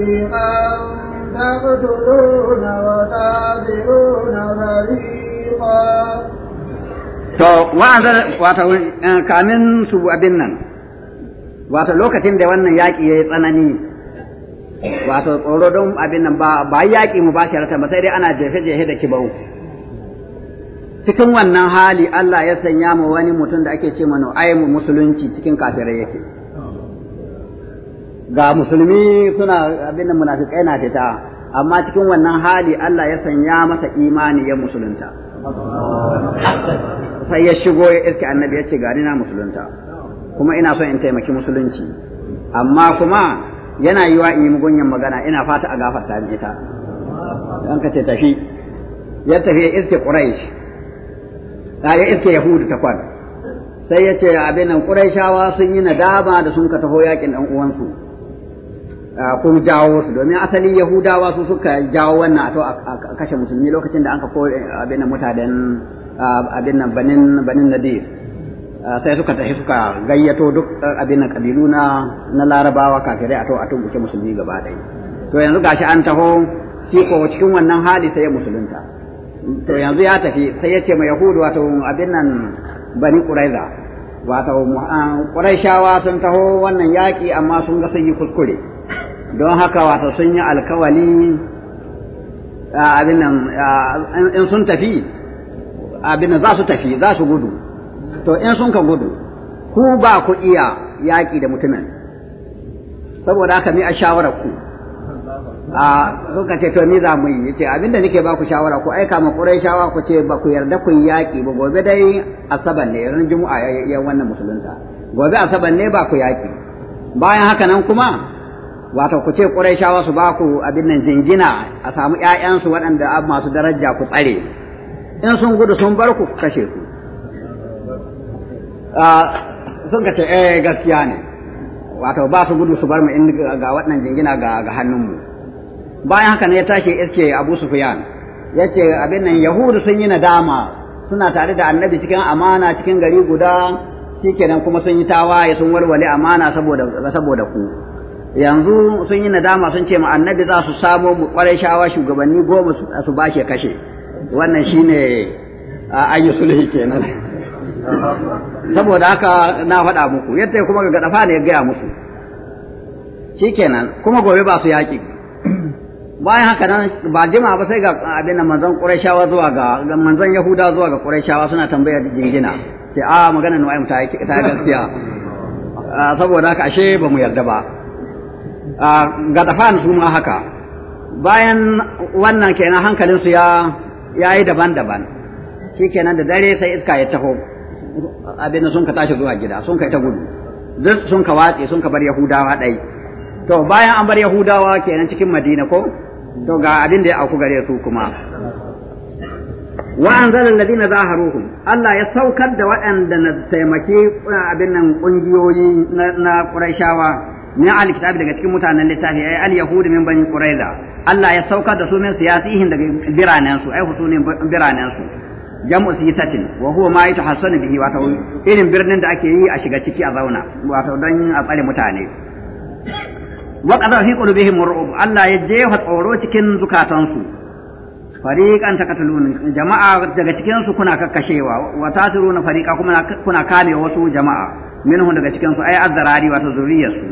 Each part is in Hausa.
فريقا تقتلون وتعذرون فريقا To, wata eh, kamin su abin nan, wato lokacin da wannan yaƙi ya yi tsanani, wato tsoro don abin nan ba yaƙi mu ba shi ba sai dai ana jefe-jefe da kibau. Cikin wannan hali Allah ya sanya mu wani mutum da ake ce mana ai mu musulunci cikin kafirai yake. ga musulmi suna abin da munafikai na fita amma cikin wannan hali Allah ya sanya masa imani ya musulunta sai ya shigo ya iske annabi ya ce gani na musulunta kuma ina son in taimaki musulunci amma kuma yana yi wa in yi mugunyan magana ina fata a gafarta min ita Dan ka ce tafi ya tafi ya iske quraish ya iske yahudu ta kwan. sai ya ce abinan nan quraishawa sun yi nadama da sun ka taho yakin dan uwansu kun jawo su domin asali yahudawa su suka jawo wannan to a kashe musulmi lokacin da an ka kore abin mutanen abin nan banin banin nadir sai suka tafi suka gayyato duk abin kabilu na na larabawa kafirai a to a tumbuke musulmi gaba ɗaya to yanzu gashi an taho shi ko cikin wannan hali sai ya musulunta to yanzu ya tafi sai ya ce ma yahudu wato abin nan bani quraiza wato quraishawa sun taho wannan yaki amma sun ga sun yi kuskure don haka wato sun yi alkawali abin nan in sun tafi abin nan za su tafi za su gudu to in sun ka gudu ku ba ku iya yaƙi da mutumin saboda haka mi a shawarar ku a suka ce to ni za mu yi ce abinda nike ba ku shawara ku aika ma shawa ku ce ba ku yarda ku yaƙi ba gobe dai asabar ne ran a ya wannan musulunta gobe asabar ne ba ku yaƙi bayan haka nan kuma wato ku ce ƙuraishawa su ba ku abin nan jingina a samu ‘ya'yansu waɗanda masu daraja ku tsare in sun gudu sun bar ku kashe ku ah, sun ka ce eh gaskiya ne wato ba su gudu su bar mu ga waɗannan jingina ga hannunmu bayan haka ne ya tashi iske abu fiyan ya ce abin nan yahudu sun yi nadama suna tare da annabi cikin amana cikin gari guda kenan kuma sun yi tawaye sun walwale amana saboda ku yanzu sun yi nadama sun ce ma annabi za su samo mu kwarai shawa shugabanni goma su ba shi kashe wannan shi ayyu sulhi kenan saboda haka na faɗa muku yadda kuma ga dafa ne ya gaya musu shi kenan kuma gobe ba su yaƙi bayan haka nan ba jima ba sai ga abin da manzon Qurayshawa zuwa ga manzon Yahuda zuwa ga Qurayshawa suna tambayar jingina sai a ah, magana Nu'aym ta yi gaskiya saboda haka ashe ba mu yarda ba gadafan su ma haka bayan wannan kenan hankalinsu ya ya yi daban-daban shi kenan da dare sai iska ya taho abin sun ka tashi zuwa gida sun ka ta gudu duk sun ka watse sun ka bar yahudawa ɗai to bayan an bar yahudawa kenan cikin madina ko to ga abin da ya auku gare su kuma wa anzalal ladina zaharuhum Allah ya saukar da waɗanda na taimaki abin nan kungiyoyi na Qurayshawa min al kitabi daga cikin mutanen littafi ay al yahud min bani quraiza Allah ya saukar da su min siyasihin daga biranen su ai husunin biranen su jam'u siyasatin wa huwa ma yatahassanu bihi wato irin birnin da ake yi a shiga ciki a zauna wato dan a tsare mutane wa qadara fi qulubihim ru'ub Allah ya je tsoro cikin zukatansu fariqan taqatulun jama'a daga cikin kuna kakkashewa wa tasiruna fariqa kuma kuna kame wasu jama'a minhu daga cikin su ay azzarari wato zuriyarsu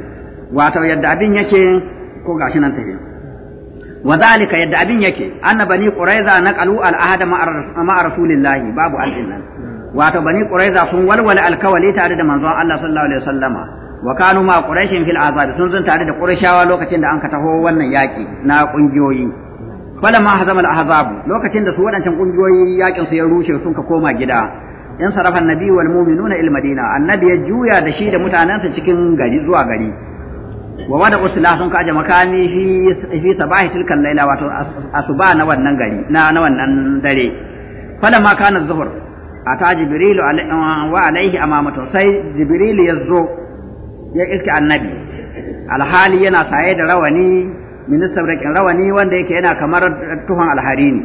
wato yadda abin yake ko gashi nan tafi wa zalika yadda abin yake anna bani quraiza naqalu al ahada ma'a rasulillahi babu al'in nan wato bani quraiza sun walwala alkawali tare da manzon Allah sallallahu alaihi wasallama wa kanu ma quraishin fil azab sun zan tare da qurayshawa lokacin da an ka taho wannan yaki na kungiyoyi fala ma hazama al ahzab lokacin da su wadancan kungiyoyi yakin su ya rushe sun ka koma gida in sarafa annabi wal mu'minuna il madina annabi ya juya da shi da mutanansa cikin gari zuwa gari wa da usla sun kaje makami fi fi sabahi tilkan laila wato asuba na wannan gari na na wannan dare fala ma kana zuhur ata jibrilu uh, wa alaihi amamatu sai jibrilu yazo ya iska annabi alhali yana saye da rawani ministan rakin rawani wanda yake yana kamar tuhon alhari ne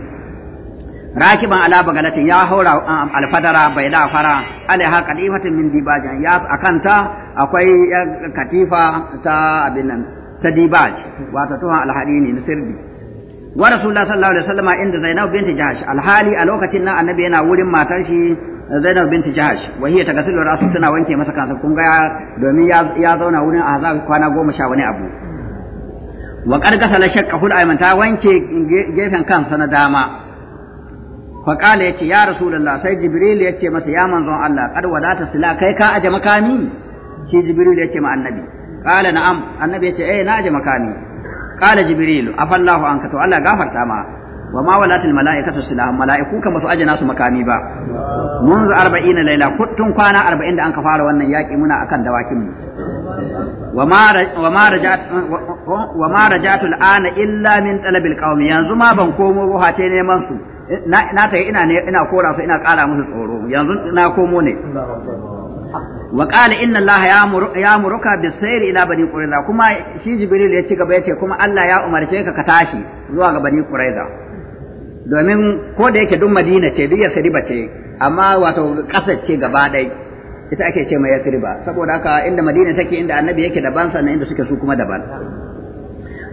rakiban ala bagalatin ya haura alfadara bai da fara alaiha kadifatin min dibajin ya kanta akwai katifa ta abin nan ta dibaj wato tuhan alhari ne na sirri wa rasulullah sallallahu alaihi wasallam inda zainab binti jahash alhali a lokacin nan annabi yana wurin matar shi zainab binti jahash wa hiya tagasilu rasu tana wanke masa kansa kun ga domin ya zauna wurin azab kwana goma sha wani abu wa qad gasala shaqqa hul ayman ta wanke gefen kansa na dama faƙala ya ce ya rasulullah sai jibril ya ce masa ya manzon Allah kad wadata sila kai ka aje makami shi jibril ya ce ma annabi qala na'am annabi ya ce eh na aje makami qala jibril afallahu anka to Allah gafarta ma wa ma walatil mala'ikatu sila mala'iku kan basu aje nasu makami ba munzu 40 laila tun kwana 40 da an ka fara wannan yaki muna akan dawakin mu wa ma wa ma raja'tu al'ana illa min talabil qaumi yanzu ma ban komo ba hace neman su na ta ina ne ina kora su ina kara musu tsoro yanzu na komo ne wa qala inna allaha ya'muruka bis-sayri ila bani quraiza kuma shi jibril ya ci gaba yace kuma Allah ya umarce ka ka tashi zuwa ga bani quraiza domin ko da yake duk madina ce duk yasriba ce amma wato kasar ce gaba dai ita ake ce mai yasriba saboda haka inda madina take inda annabi yake daban sannan inda suke su kuma daban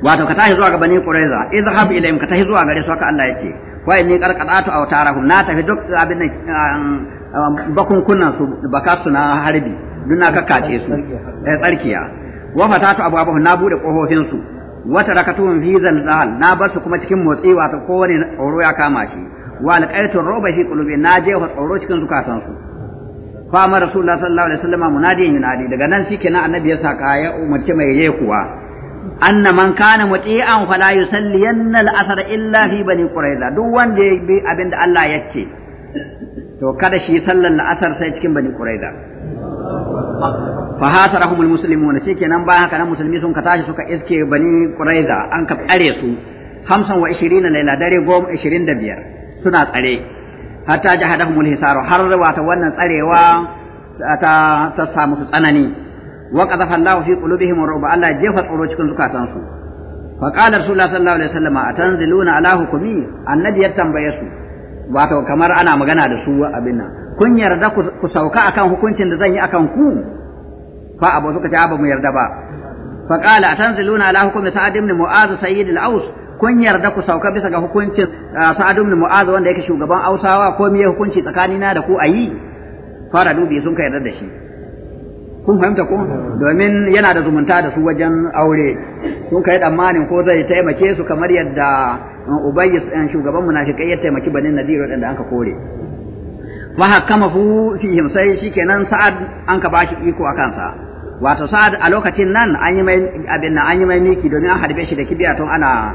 wato ka tashi zuwa ga bani quraiza izhab ilayhim ka tashi zuwa gare su haka Allah yake wai ni karkadatu aw tarahum na tafi duk abin nan um, um, bakunkunan su bakasu na harbi duk na kace su eh, tsarkiya wa fatatu na bude kohofin su wa tarakatuhum fi zalzal na bar kuma cikin motsi wato kowane tsoro ya kama shi wa alqaitu roba fi qulubi na je wa tsoro cikin zukatan su fa ma rasulullahi sallallahu alaihi wasallam munadi yunadi daga nan shikenan annabi ya saka ya umarci mai yekuwa anna man kana muti'an fala yusalliyanna al-asr illa fi bani quraiza duk wanda ya bi abinda Allah ya ce to kada shi sallar la'asar sai cikin bani quraiza fa hasarahum al-muslimun shikenan bayan haka nan musulmi sun ka tashi suka iske bani quraiza an ka tsare su 25 laila dare biyar, suna tsare hatta jahadahum al-hisaru har wata wannan tsarewa ta ta samu tsanani wa qadafa Allahu fi qulubihim ruba Allah jefa tsoro cikin zukatansu fa qala rasulullah sallallahu alaihi wasallam atanziluna ala hukumi annabi ya tambaye su wato kamar ana magana da su abin nan kun yarda ku sauka akan hukuncin da zan yi akan ku fa abu suka ce ba mu yarda ba fa qala atanziluna ala hukumi sa'ad ibn mu'az sayyid al aws kun yarda ku sauka bisa ga hukuncin sa'ad ibn mu'az wanda yake shugaban ausawa ko me hukunci tsakanina da ku ayi fara dubi sun ka yarda da shi kun fahimta ko domin yana da zumunta da su wajen aure sun kai tsammanin ko zai taimake su kamar yadda uh, ubayy uh, shugaban munafikai ya taimaki banin da da anka kore wa hakama fu fihim sai shikenan sa'ad an ka bashi iko a kansa wato sa'ad a lokacin nan an yi mai abin nan an yi mai miki domin an harbe shi da kibiya tun ana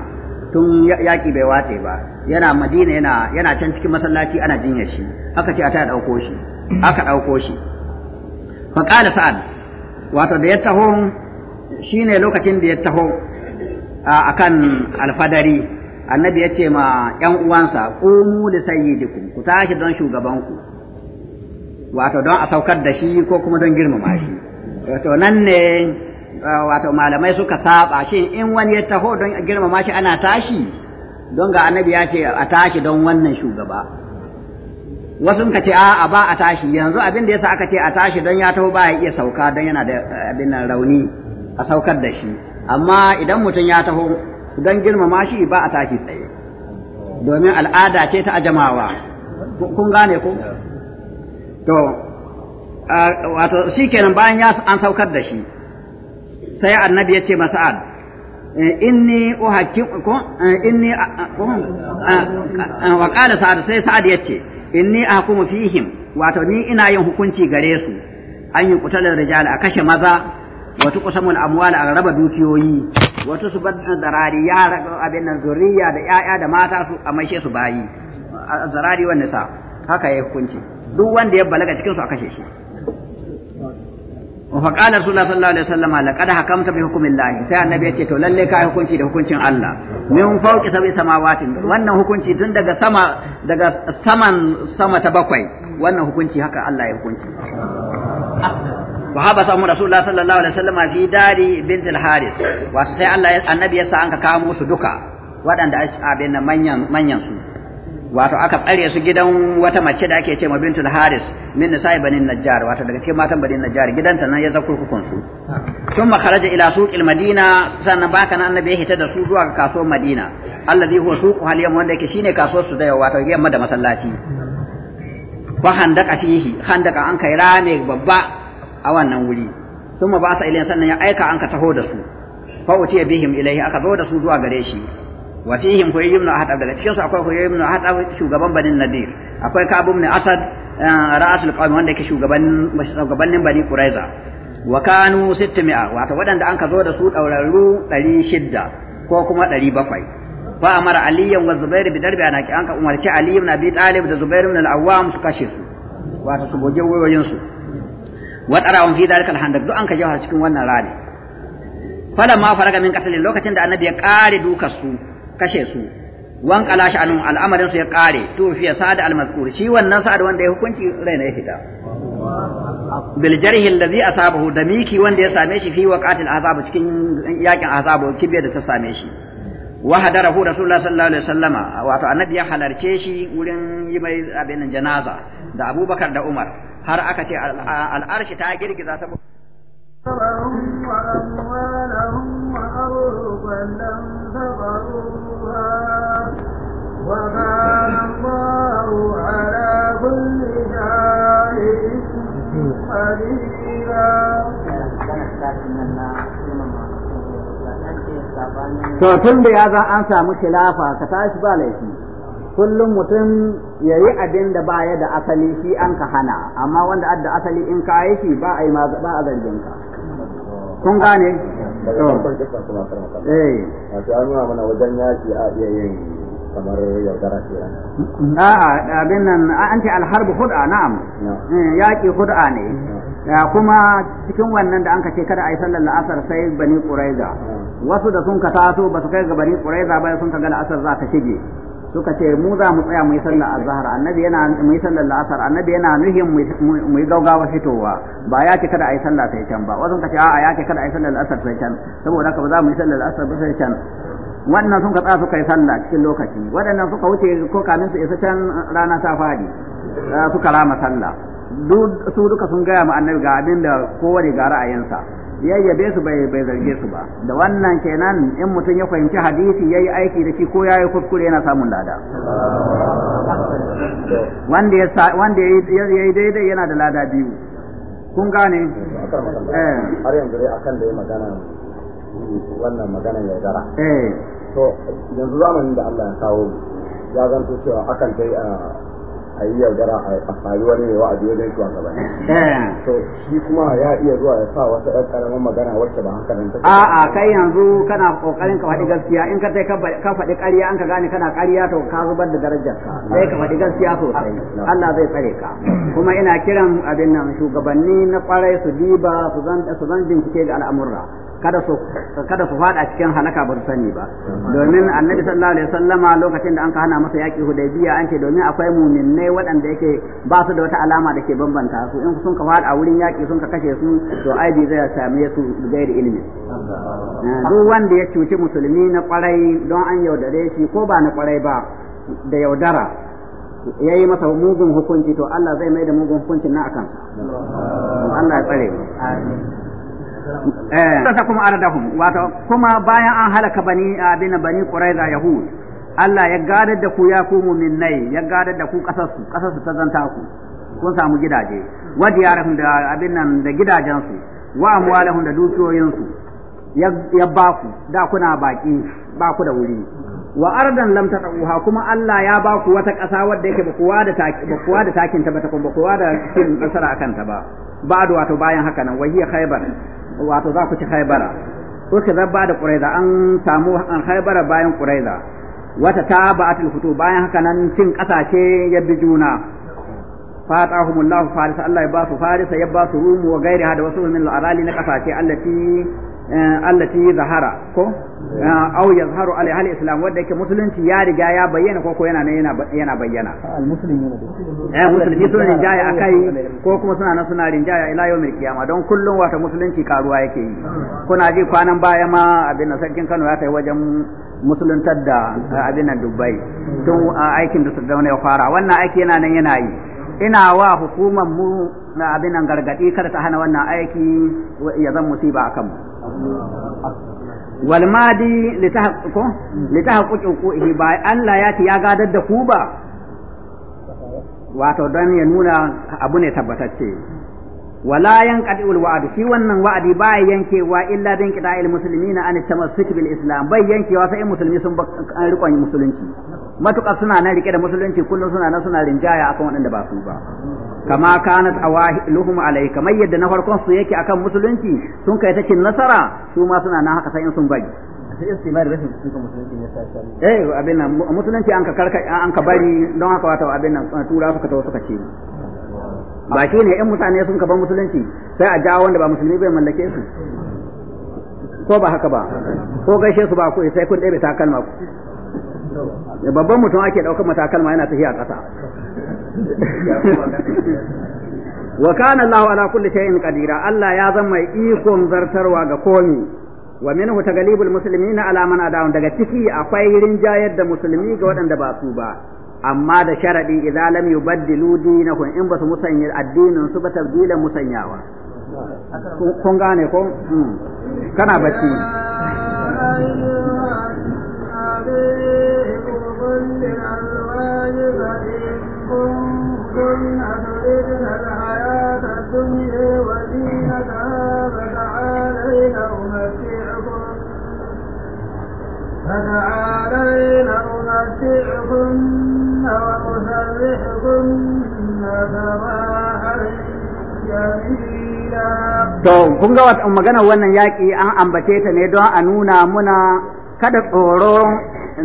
tun yaki bai watse ba yana madina yana yana can cikin masallaci ana jinyar shi aka ce a ta dauko shi aka dauko shi fa sa'ad wato da ya taho shine lokacin da ya taho kan alfadari annabi ya ce ma 'Yan uwansa qumu li sayyidikum ku tashi don shugabanku wato don a saukar da shi ko kuma don girmama shi wato nan ne wato malamai suka saba shin in wani ya taho don girmama shi ana tashi don ga annabi ya ce a tashi don wannan shugaba wasu ka ce a'a ba a tashi yanzu abin da yasa aka ce a tashi don ya taho ba ya iya sauka don yana da eh, abin nan rauni a saukar da shi amma idan mutum ya taho don girmama shi ba a tashi tsaye domin al'ada ce ta ajamawa kun gane ku? to wato kenan bayan ya an saukar da shi sai annabi ya ce masa'ad eh, inni uhakkim ko eh, inni wa qala sa'ad sai sa'ad ya ce. inni akumu fihim wato ni ina yin hukunci gare su an yi kutalar rijal a kashe maza wato kusamul al-amwal a raba dukiyoyi su tusbat zarari ya abin nan zuriya da yaya da mata su a maishe su bayi zarari wannan sa haka ya hukunci duk wanda ya balaga cikin su a kashe shi fa qala rasulullah sallallahu alaihi wasallam laqad hakamta bi hukmillahi sai annabi yace to lalle ka hukunci da hukuncin Allah min fawqi sabi samawatin wannan hukunci tun daga sama daga saman sama ta bakwai wannan hukunci haka Allah ya hukunci Wa وحبس أم رسول الله صلى الله عليه وسلم في دار بنت الحارث وسي الله النبي يسعى أنك كامو سدوكا ودن دا أبين manyan ينسو wato aka tsare su gidan wata mace da ake ce ma bintul haris min nisa'i banin najjar wato daga cikin matan banin najjar gidanta nan ya zakur hukun su tun makaraja ila suqil madina sannan baka nan annabi ya hita da su zuwa ga kasuwar madina alladhi huwa suqu hal wanda yake shine kasuwar su da wato yamma da masallaci wa handaka fihi handaka an kai rame babba a wannan wuri sun ba sa ilayhi sannan ya aika an ka taho da su fa utiya bihim ilayhi aka zo da su zuwa gare shi wa fihim huyay ibn ahad abdalla cikin su akwai huyay ibn ahad shugaban banin nadir akwai ka'ab ibn asad eh, ra'asul qawm wanda yake shugaban shugabannin bani quraiza wa kanu 600 wato waɗanda an ka zo da su ɗaurarru 600 ko kuma 700 fa amara aliyan wa zubair bi darbi anaki an ka umarci ali ibn abi talib da zubair ibn al-awwam su kashe su wato su goge wayoyin su wa tarawan fi dalika al-handaq duk an ka jawa cikin wannan rani fala ma faraga min qatlin lokacin da annabi ya kare dukar su kashe su wan qala sha'anun al'amarin su ya kare to fi sa'ad al-mazkur shi wannan sa'ad wanda ya hukunci raina ya fita bil jarhi alladhi asabahu da miki wanda ya same shi fi waqatil azab cikin yakin azab kibiya da ta same shi wa hadarahu rasulullah sallallahu alaihi wasallama wato annabi ya halarce shi wurin yi mai abin janaza da abubakar da umar har aka ce al'arshi ta girgiza saboda to tun da ya za an samu khilafa ka tashi ba laifi kullum mutum ya yi abin da ba ya da asali shi an ka hana amma wanda adda asali in ka yi shi ba a yi ba a zargin ka kun gane? eh. a ta mana wajen yaki a iya yin kamar yaudara kenan a'a abin nan an ce alharbi hud'a na'am eh, yaƙi hud'a ne kuma cikin wannan da an ka ce kada a yi sallar la'asar sai bani ƙuraiza wasu da sun ka taso ba su kai ga bani ƙuraiza ba sun ka ga la'asar za ta shige suka ce mu za mu tsaya mu yi sallar azhar annabi yana mu yi sallar la'asar annabi yana nuhin mu yi gaugawa fitowa ba ya ce kada a yi sallah sai can ba wasu ka ce a'a ya ce kada a yi sallar la'asar sai can saboda haka ba za mu yi sallar la'asar sai can wannan sun ka tsaya suka yi sallah cikin lokaci waɗannan suka wuce ko kamin su isa can uh, rana ta fadi uh, suka rama sallah su duka sun gaya ma annabi ga abin da kowane ga ra'ayinsa yayyabe su bai bai zarge su ba da wannan kenan in mutum ya fahimci hadisi yayi aiki da shi ko yayi kuskure yana samun lada wanda ya wanda yayi daidai yana da lada biyu kun gane eh. Eh. har yanzu dai akan da ya magana wannan magana ya gara eh to yanzu zamanin da Allah ya kawo ya zanto cewa akan kai a a yi yaudara a faru wani mai wa'azi wajen shuwa gaba eh. to shi kuma ya iya zuwa ya sa wata ɗan ƙaramin magana wacce ba haka nan take a'a kai yanzu kana kokarin ka faɗi gaskiya in ka tai ka faɗi ƙarya an ka gane kana ƙarya to ka zubar da darajar ka sai ka faɗi gaskiya sosai Allah zai tsare ka kuma ina kiran abin nan shugabanni na ƙwarai su diba su zan bincike ga al'amurra kada su kada su fada cikin halaka ba su sani ba domin annabi sallallahu alaihi wasallama lokacin da an ka hana masa yaki hudaybiya an ce domin akwai muminnai waɗanda yake ba su da wata alama da ke bambanta su in sun ka fada wurin yaki sun ka kashe su to aibi zai same su gairi ilimi eh, duk wanda ya cuci musulmi na kwarai don an yaudare shi ko ba na kwarai ba da yaudara ya yi masa mugun hukunci to Allah zai mai da mugun hukuncin na akan Allah ya tsare mu Eh. sasa kuma aradahum wato kuma bayan an halaka bani abin bani quraiza yahud Allah ya gadar da ku ya ku mu'minnai ya gadar da ku kasar su kasar su ta zanta ku kun samu gidaje wa diyarahum da abin nan da gidajen su wa amwalahum da dukiyoyin su ya ba ku da kuna baki ba ku da wuri wa ardan lam tatauha kuma Allah ya ba ku wata ƙasa wadda yake ba kowa da ba kowa da takin ta ba ta kuma kowa da cin nasara akan ta ba ba'du wato bayan haka nan wa hiya khaybar wato za ku ci haibara ko ka zabba da ƙuraiza an samu an haibara bayan ƙuraiza wata ta ba'atul hutu bayan haka nan cin ƙasashe ya bi juna fatahumullahu farisa Allah ya ba su farisa ya ba su rumu wa gairi da wasu min al'arali na ƙasashe allati Eh, allati zahara ko eh, aw yazharu ala ahli islam wanda yake musulunci ya riga ya bayyana ko ko yana ne yana bayyana al muslimin eh musulmi sun rinjaya akai ko kuma suna nan suna rinjaya ila yawmil qiyama don kullum wata musulunci karuwa yake yi kuna ji kwanan baya ma abin nan sarkin Kano ya kai wajen musuluntar da eh, abin nan Dubai tun aikin da su ya fara wannan aiki yana nan yana yi ina wa hukuman mu na abin nan gargadi kada ta hana wannan aiki ya zan musiba akan mu wal madi litahaqqiqu litahaqqiqu quhi ba Allah ya ce ya gadar da ku ba wato don ya nuna abu ne tabbatacce wala yanqadi wa'adi shi wannan wa'adi ba yankewa illa bin musulmi muslimina an tamassuk bil islam bai yankewa sai musulmi sun an rikon musulunci matuƙa suna nan rike da musulunci kullum suna nan suna rinjaya akan waɗanda ba su ba kama kanat awahiluhum alai kamar yadda na farkon su yake akan musulunci sun kai ta cin nasara su ma suna nan haka sai in sun bari sai istimar rashin suka musulunci ne sai eh abin nan musulunci an ka karka an ka bari don haka wato abin nan uh, tura suka tawo suka ce ba shi ne in mutane sun ka bar musulunci sai a jawo wanda ba musulmi bai mallake su ko ba haka ba ko gaishe su ba ku sai kun ɗebe takalma ku babban mutum ake ɗaukar matakalma yana tafiya ƙasa wa kana Allahu ala kulli shay'in qadira Allah ya zama ikon zartarwa ga komi wa minhu tagalibul muslimina ala man adahum daga ciki akwai rinjayar da musulmi ga waɗanda ba su ba amma da sharadi idza lam yubaddilu dinahum in ba su musanya addinin su ba tabdila musanyawa kun gane ko hmm. kana bacci الحياة kun ga magana wannan yaƙi an ambace ta ne don a nuna muna kada tsoro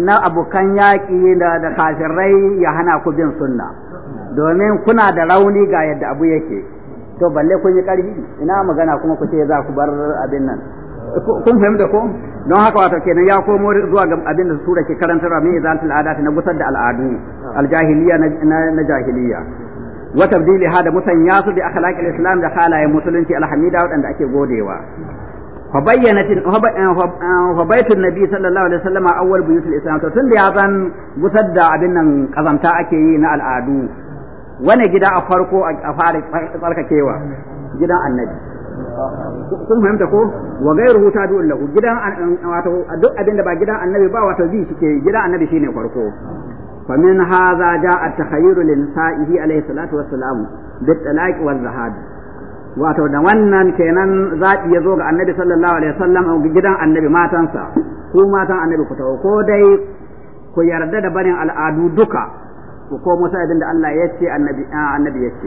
na abokan yaƙi da kafirai ya hana ku bin sunna domin kuna da rauni ga yadda abu yake to balle kun yi ƙarfi ina magana kuma ku ce za ku bar abin nan kun fahimta ko don haka wato kenan ya komo zuwa ga abin da sura ke karantarwa min izalatul adati na gusar da al'adu aljahiliya na jahiliya wa tabdili hada musanya su bi akhlaqil islam da halaye musulunci alhamida wadanda ake godewa fa bayyanatin fa eh, eh, baitun nabi sallallahu alaihi wasallam awwal buyutul islam to tun da ya zan gusar da abin nan kazamta ake yi na al'adu Wani gida a farko a fara tsarkakewa gidan annabi kun fahimta ko wa gairu huta du'un lahu gidan wato duk abin da ba gidan annabi ba wato bi shike gidan annabi shine farko fa min hadha ja'a takhayyuru lin sa'ihi alayhi salatu wassalam bit talaq wal zahad wato da wannan kenan zaɓi ya zo ga annabi sallallahu alaihi wasallam a gidan annabi matansa ku matan annabi ku tawo ko dai ku yarda da barin al'adu duka ko musa idan da Allah ya ce annabi annabi ya ce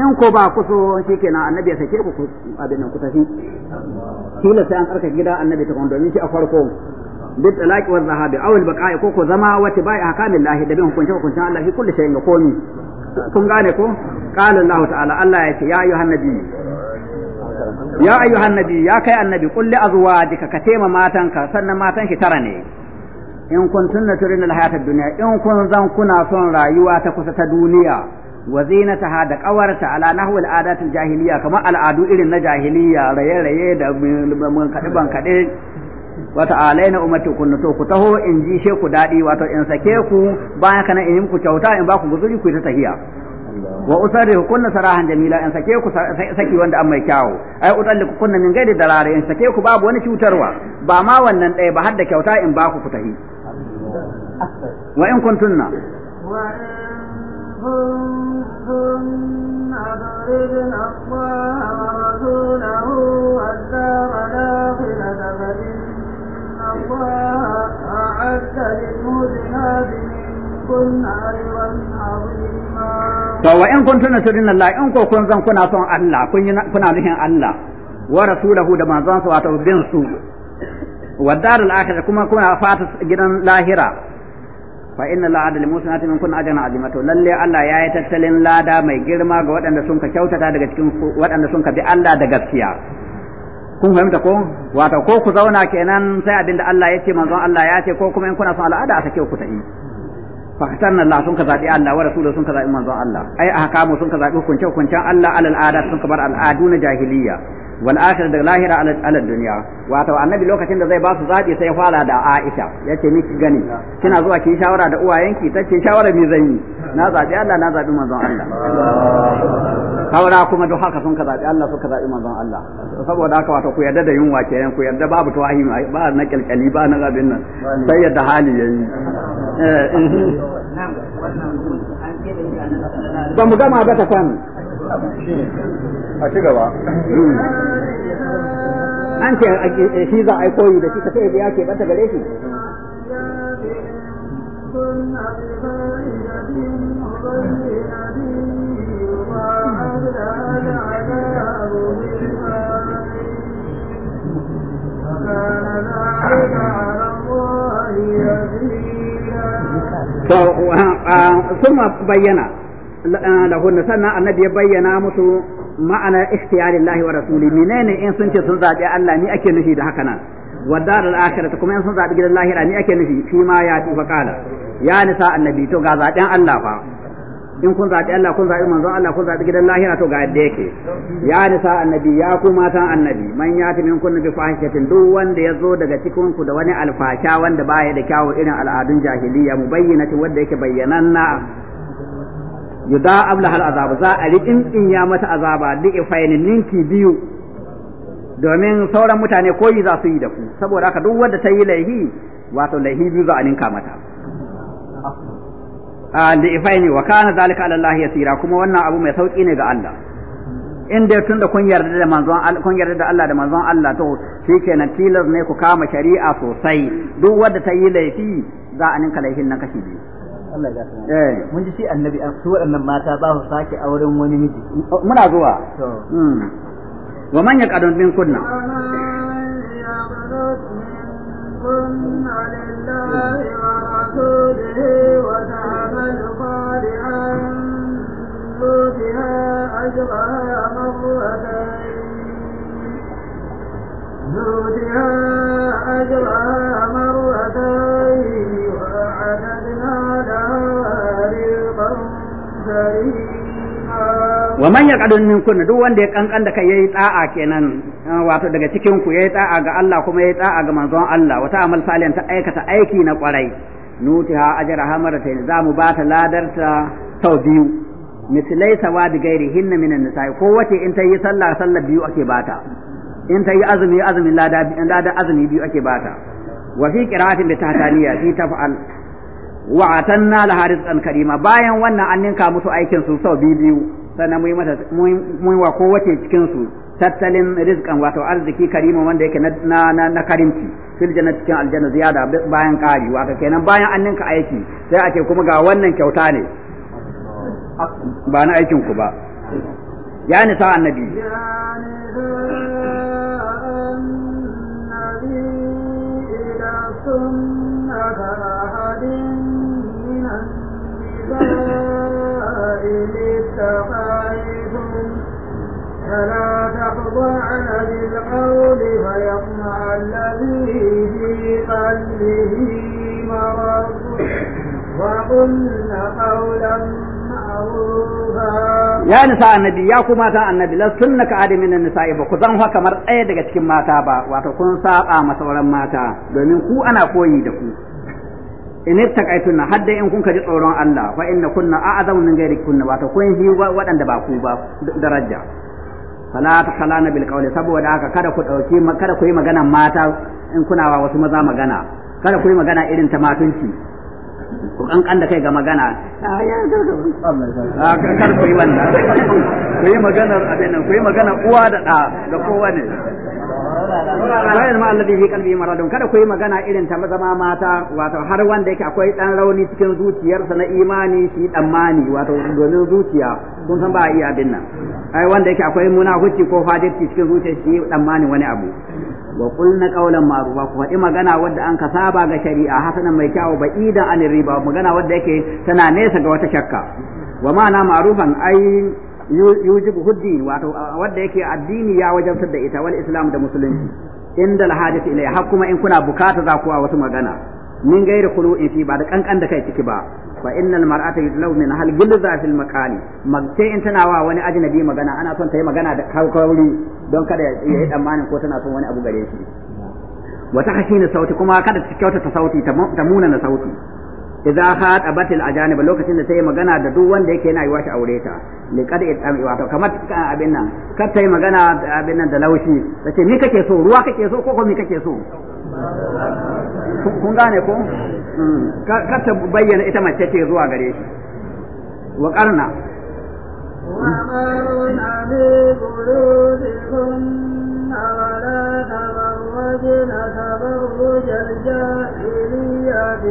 in ko ba ku so shikenan annabi ya sake ku abin nan ku tafi kila sai an karka gida annabi ta gondomi shi a farko bit talaqi wa zahabi aw al baqa'i ko ko zama wa tibai ahkamillahi da bin hukunce hukuncin Allah shi kullu shay'in ga komi kun gane ko qala Allah ta'ala Allah ya ce ya ayyuhan annabi ya ayyuhan annabi ya kai annabi kulli azwajika ka tema matanka sannan matan shi tara ne in kuntunna turinal hayatad dunya in kun zan kuna son rayuwa ta kusa ta duniya wa zinataha da kawarta ala nahwi al'adatil jahiliya kamar al'adu irin na jahiliya raye raye da mun kadi ban kade wata alaina ummati kunna to ku taho in ji she ku dadi wato in sake ku bayan kana in ku kyauta in ba ku guzuri ku ta tahiya wa usarri kunna sarahan jamila in sake ku saki wanda an mai kyawo ai utalli kunna min gaidi dalare in sake ku babu wani cutarwa ba ma wannan ɗaya ba har da kyauta in ba ku ku tahiya wa in kuntunna To wa in kun tuna Allah in ko kun zan kuna son Allah kuna nufin Allah wa rasulahu da manzon sa wato bin su wa darul akhirah kuma kuna fata gidan lahira fa inna la adal musnati min kunna ajran azima to lalle Allah ya yi tattalin lada mai girma ga waɗanda sun ka kyautata daga cikin waɗanda sun ka bi Allah da gaskiya kun fahimta ko wato ko ku zauna kenan sai abinda Allah ya ce manzon Allah ya ce ko kuma in kuna son al'ada a sake ku tafi fa katanna Allah sun ka zabi Allah wa rasulu sun ka zabi manzon Allah ai ahkamu sun ka zabi hukunce hukuncen Allah alal adat sun ka bar al'adu na jahiliya wal akhir da lahira ala duniya wato annabi lokacin da zai ba su zabi sai fara da Aisha yace miki gani kina zuwa kin shawara da uwayenki tace shawara me zan yi na zabi Allah na zabi manzon Allah saura kuma duk haka sun ka zabi Allah suka zabi manzon Allah saboda haka wato ku yarda da yunwa kenan ku yarda babu tawahim ba na kalkali ba na zabin nan sai yadda hali yayi eh, eh. ba mu gama ba ta kan a ci gaba an ce eh, shi za a yi koyi da shi ka sai eh, ya ke bata gare shi ثم بينا Eh, lahunna sannan annabi ya bayyana musu ma'ana ikhtiyarillahi wa rasuli menene in sun ce sun zabi Allah ni ake nufi da haka nan wa daral akhirati kuma in sun zabi gidan lahira ni ake nufi Fi ma ya tufa kala ya nisa annabi to ga zaben Allah fa in kun zabi Allah kun zabi manzon Allah kun zabi gidan lahira to ga yadda yake ya nisa annabi ya ku matan annabi man ya ta timin kun bi fahishatin duk wanda ya zo daga cikin ku da wani alfasha wanda baya da kyawu irin al'adun jahiliya mu mubayyinati wanda yake bayyanan na? yuda abla hal azab za a rikin in ya mata azaba li ifainin ninki biyu domin sauran mutane koyi za su yi da ku saboda haka duk wanda ta yi laihi wato laihi biyu za a ninka mata a li ifaini wa kana zalika ala Allah yasira kuma wannan abu mai sauki ne ga Allah in dai tunda kun yarda da manzon Allah kun yarda da Allah da manzon Allah to shikenan tilas ne ku kama shari'a sosai duk wanda ta yi laifi za a ninka laifin nan kashi biyu Allah ya eh. mun ji shi annabi a su waɗannan mata ba su sake auren wani miji oh, muna zuwa hmm. wa man ƙadon min kunna أجرها wa man yaqadun minkum duk wanda ya kankan da kai yayi ta'a kenan eh, wato daga cikin ku yayi ta'a ga Allah kuma yayi ta'a ga manzon Allah wata amal salihan ta aikata aiki na kwarai nutiha ajraha maratayn za mu ba ta ladarta sau biyu mislai sawabi gairi hinna minan nisa'i ko wace in ta yi sallah sallah biyu ake bata in ta yi azumi azumin lada lada azumi biyu ake bata wa fi qira'atin bi tahtaniya fi taf'al Wa'atan atanna la harisan karima bayan wannan an ninka musu aikin su sau biyu biyu sannan mu yi mata mu wa kowace cikin su tattalin rizqan wato arziki karima wanda yake na na na karimci fil jannati cikin aljanna ziyada bayan kari wato kenan bayan an ninka aiki sai ake kuma ga wannan kyauta ne ba na aikin ku ba ya nisa annabi استطعتم فلا القول فيطمع الذي في قلبه مرض وقلن قولا ya nisa annabi ya kuma ta annabi la sunna ka adamin nan nisa'i ba ku zan haka kamar ɗaya daga cikin mata ba wato kun saba ma sauran mata domin ku ana koyi da ku in har dai in kun kaji tsoron Allah fa inna kunna a'zamu min kunna wato kun shi waɗanda ba ku ba daraja fala takhalana bil qawli saboda haka kada ku dauki kada ku yi magana mata in kuna wa wasu maza magana kada ku yi magana irin ta matunci ku kankan da kai ga magana ah, kar ku yi wannan ku yi maganar abin nan ku yi magana uwa da da kowa ne bayan ma alladhi fi qalbi maradun kada ku yi magana irin ta zama mata wato har wanda yake akwai dan rauni cikin zuciyarsa na imani shi dan mani wato domin zuciya kun san ba a iya abin nan ai wanda yake akwai munafici ko fadirci cikin zuciyar shi dan wani abu wa qulna qawlan ma'rufa ku faɗi magana wadda an ka saba ga shari'a hasanan mai kyawu ba idan an riba magana wadda yake tana nesa ga wata shakka wa ma'ana ma'rufan ai yujibu huddi wato wanda yake addini ya wajabtar da ita wal islam da musulunci inda alhajati ilayha har kuma in kuna bukata za ku wasu magana min gairi khulu'in fi ba da kankan da kai ciki ba fa innal mar'ata yudlaw min hal gilza fil maqali magce in tana wa wani ajnabi magana ana son ta yi magana da kauri don kada ya yi tsammanin ko tana son wani abu gare shi wata na sauti kuma kada ta kyautata sauti ta munana sauti idza abatil ajanib lokacin da ta yi magana da duk wanda yake yana yi washi aure ta liqad itami wato kamar abin nan kar ta yi magana abin nan da laushi tace ni kake so ruwa kake so ko ko mi kake so kun gane ko kar ta bayyana ita mace ce zuwa gare shi wa qarna وَأَمَرُوا تَبَرُّجَ الْجَاهِلِيَّةِ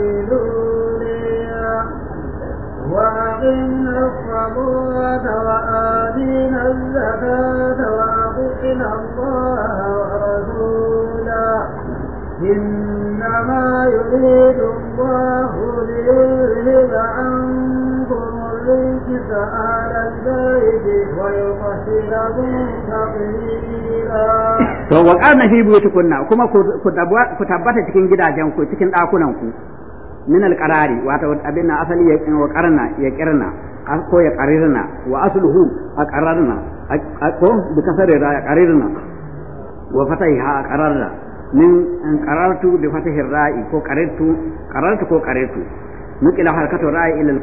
وأقمنا الصلاة وآتينا الزكاة وأطعنا الله ورسوله إنما يريد الله ليذهب عنكم الرجس أهل البيت ويطهركم تطهيرا to wa kana fi tukunna kuma ku tabbata cikin gidajenku cikin ɗakunanku min alqarari wato abin na asali ya wa qarna ya qirna ko ya qarirna wa asluhu aqararna ko bi kasari ra qarirna wa fataiha aqararna min an qarartu bi ra'i ko qarirtu qarartu ko qarirtu nukila harkatu ra'i ila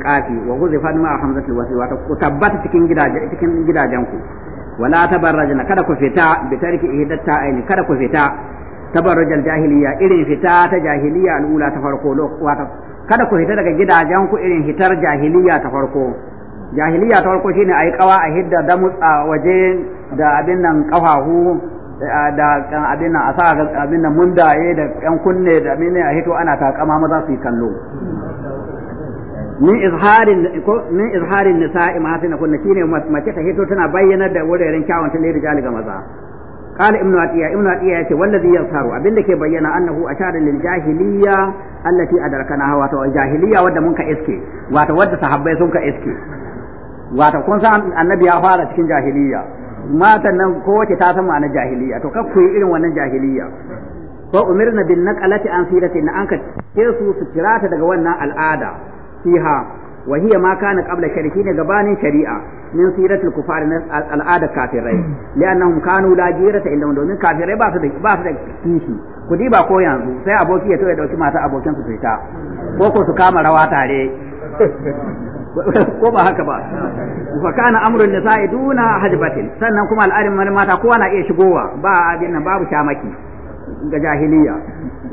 wa huzifa ma hamzatul wasi wato ku tabbata cikin gidaje cikin gidajen ku wala tabarrajna kada ku fita bi tarki ihdatta aini kada ku fita tabarrujal jahiliya irin fita ta jahiliya al'ula ta farko wato kada ku hita daga gidajen ku irin hitar jahiliya ta farko jahiliya ta farko shine ayi kawa a hidda da mutsa waje da abin nan kafahu eh, da abin nan a sa abin nan mundaye da yan kunne da abin a hito ana takama maza su yi kallo min izharin min izharin nisa'i ma hasina kunne shine mace ta hito tana bayyana da wuraren kyawun ta ne rijali ga maza قال ابن عطية ابن عطية والذي يظهر أبن لك بيّن أنه أشار للجاهلية التي أدركناها واتو الجاهلية ود منك إسكي واتو ود صحبه سنك إسكي واتو كون سان النبي أفارة تكين جاهلية ما تنم قوة تاتم عن الجاهلية تو كفوي إلو عن الجاهلية فأمرنا بالنقلة عن سيرة أنك تيسو سترات دقوانا الآدى فيها wa hiya ma kana qabla sharhi ne gabanin shari'a min siratul kufar na al'ada kafirai hmm. li'annahum kanu la jirata illa domin kafirai ba su da ba su da kishi kudi ba ko yanzu sai aboki ya to ya dauki mata abokin su fita ko ko su kama rawa tare ko ba haka ba fa kana amrun nisa'i duna hajbatin sannan kuma al'adun mata kowa na iya shigowa ba abin nan babu shamaki ga jahiliya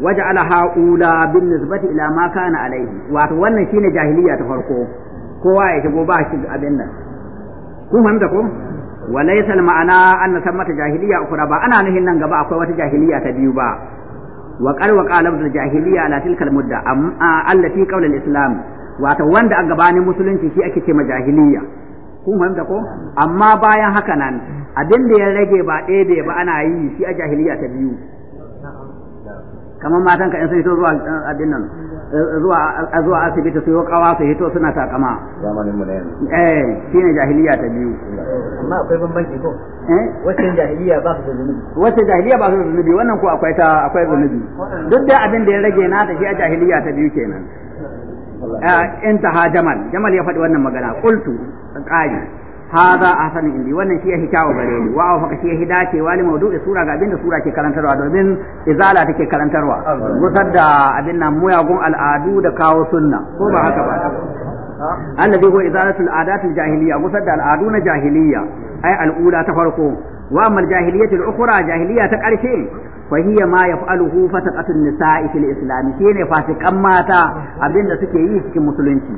waja'ala ha'ula bin nisbati ila ma kana alaihi wato wannan shine jahiliya ta farko kowa ya shigo ba shi abin nan kun fahimta ko walaysa ma'ana an mata jahiliya ukura ba ana nuhin nan gaba akwai wata jahiliya ta biyu ba wa qal wa qala bil jahiliya ala tilka al mudda allati qawla al islam wato wanda a gabanin musulunci shi ake ce ma jahiliya kun fahimta ko amma bayan haka nan abin da ya rage ba ɗaya ba ana yi shi a jahiliya ta biyu kamar matan ka in sun hito zuwa eh, abin nan eh, zuwa eh, zuwa asibiti su yi kawa su hito suna takama zamanin mu ne eh shine jahiliya ta biyu amma akwai bambanci ko eh wacce jahiliya ba su da zunubi wacce jahiliya ba su da zunubi wannan ko akwai ta akwai zunubi duk da abin da ya rage na ta shi a jahiliya ta biyu kenan in ta ha jamal jamal ya faɗi wannan magana qultu qali hadha ahsanu indi wannan shi yafi kyawu gare ni wa fa shi yafi dacewa li mawdu'i sura ga abinda sura ke karantarwa domin izala take karantarwa gusar da abin nan muyagun al'adu da kawo sunna ko ba haka ba alladhi huwa izalatu al'adat al-jahiliyya gusar da al'adu na jahiliya ay al'ula ta farko wa amma al-jahiliyyatu al-ukhra jahiliyya ta karshe fa hiya ma yaf'aluhu fataqatu an-nisa'i fil islam shine fasikan mata abinda suke yi cikin musulunci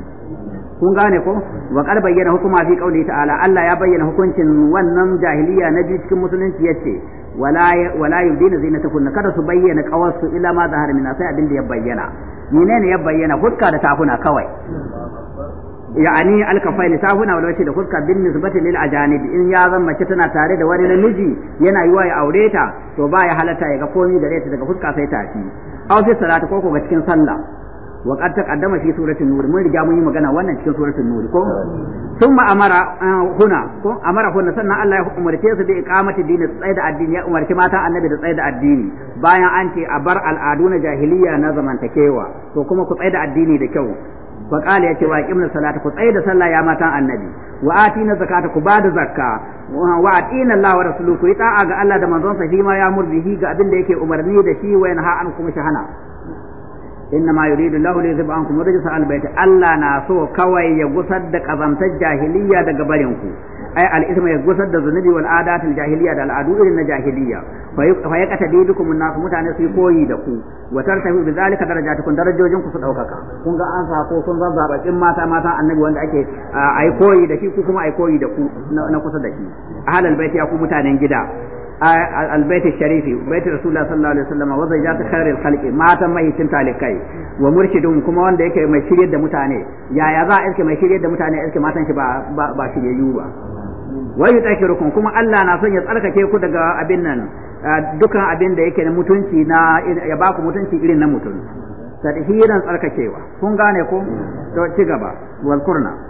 kun gane ko wa bayyana hukuma fi qawli ta'ala Allah ya bayyana hukuncin wannan jahiliya na biyu cikin musulunci yace wala wala yubdina zinatakunna kada su bayyana qawarsu ila ma zahara min sai abin da ya bayyana menene ya bayyana fuska da tafuna kawai yani alkafaini tafuna wala da fuska bin nisbati lil ajanib in ya zan mace tana tare da wani namiji yana yiwa ya aure ta to ba ya halatta ya ga komai da ta daga fuska sai tafi aw fi salati ko ko ga cikin sallah wa qad taqaddama fi suratul nur mun riga mun yi magana wannan cikin suratul nuri. ko thumma amara uh, huna ko huna sannan Allah ya umarce su da iqamati dini tsaye da addini ya umarci mata annabi da tsaye da addini bayan an ce a bar al'adu na jahiliya na zamantakewa to kuma ku tsaye da addini da kyau wa qala yace wa aqimna salata ku tsaye da sallah ya matan annabi wa na zakata ku bada zakka wa atina Allah wa rasuluhu ku ta'a ga Allah da manzon sa shi ma ya ga abin da yake umarni da shi wa yanha an kuma shahana inna ma yuridu lahu li yuzhiba ankum rijsa Allah na so kawai ya gusar da kazantar jahiliya daga barinku. ku ai al-ithma ya gusar da zunubi wal adat al-jahiliya da al'adu irin na jahiliya fa ya kata didukum an mutane su koyi da ku wa tartahu bi zalika darajatukum darajojin ku su daukaka kun ga an sako kun zazzaba kin mata mata annabi wanda ake ai koyi da shi ku kuma ai koyi da na kusa da shi ahlal bait ya ku mutanen gida البيت الشريف بيت رسول الله صلى الله عليه وسلم وزيجات خير الخلق ما تم هي تنتا لكي ومرشدهم كما وند yake mai shiryar da mutane yaya za a iske mai shiryar da mutane iske matan shi ba ba shiryayyu ba wai takirukum kuma Allah na so ya tsarkake ku daga abin nan dukan abin da yake na mutunci na ya ba mutunci irin na mutum tadhiran tsarkakewa kun gane ko to ci gaba wal kurna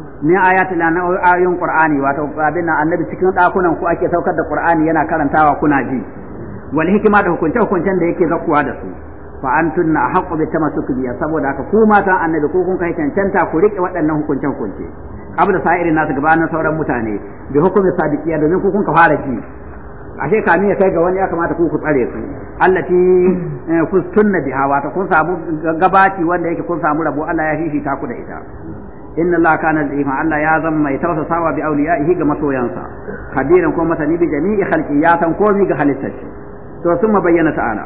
min ayati la na ayoyin qur'ani wato abin nan annabi cikin dakunan ku ake saukar da qur'ani yana karantawa kuna ji wal hikima da hukunce hukuncen da yake zakkuwa da su fa antunna haqqu bi tamasuki bi saboda haka ku matan annabi ku kun kai cancanta ku rike waɗannan hukunce hukunce qabla sa'irin nasu gabanin sauran mutane bi hukumi sadiqiyya domin ku kun ka fara ji ashe kamin ya kai ga wani ya kamata ku ku tsare su allati eh, kustunna biha wato kun samu gabaci wanda yake kun samu rabo Allah ya ta ku da ita inna Allah kana al-iman Allah ya zama mai sawa bi awliyaihi ga masoyansa khabiran kuma masani bi jami'i khalqi ya san komi ga halittar shi to sun bayyana ta'ala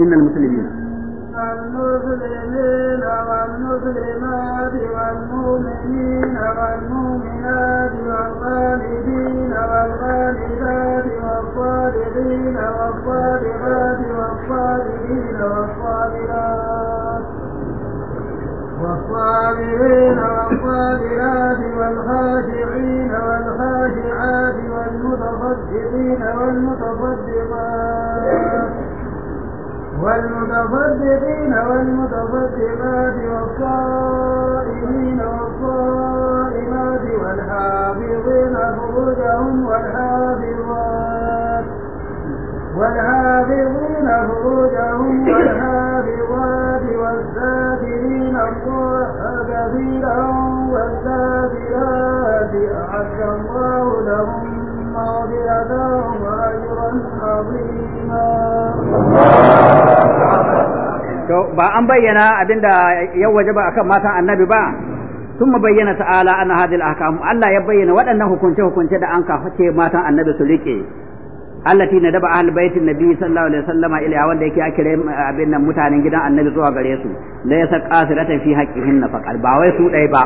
Inna muslimin المسلمين والمسلمات والمؤمنين والمؤمنات an bayyana abinda ba a akan matan annabi ba ثم بين تعالى أن هذه Allah ya bayyana وأنه hukunce hukunce da an kaface matan annabi su rike allati na daba ahlul baitin nabi sallallahu alaihi wasallama ila wanda yake akire abin nan mutanen gidan annabi zuwa gare su la yasa qasiratan fi haqqihin faqal ba wai su dai ba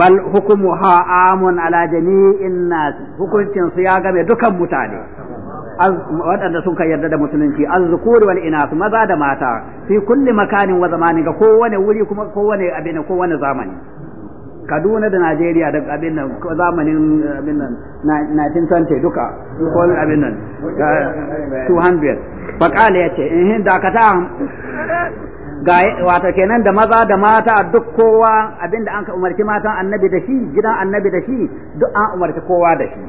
bal hukumuha amun ala jami'in nas hukuncin su ya game dukan mutane waɗanda sun kai yarda da musulunci az-zukur wal inas maza da mata fi kulli makanin wa zamanin ga kowane wuri kuma kowane abin kowane zamani Kaduna da Najeriya da abin nan zamanin abin nan 1920 duka ko abin nan 200 faqala yace in dakata ga wato kenan da maza da mata duk kowa abinda an ka umarci matan annabi da shi gidan annabi da shi duk an umarci kowa da shi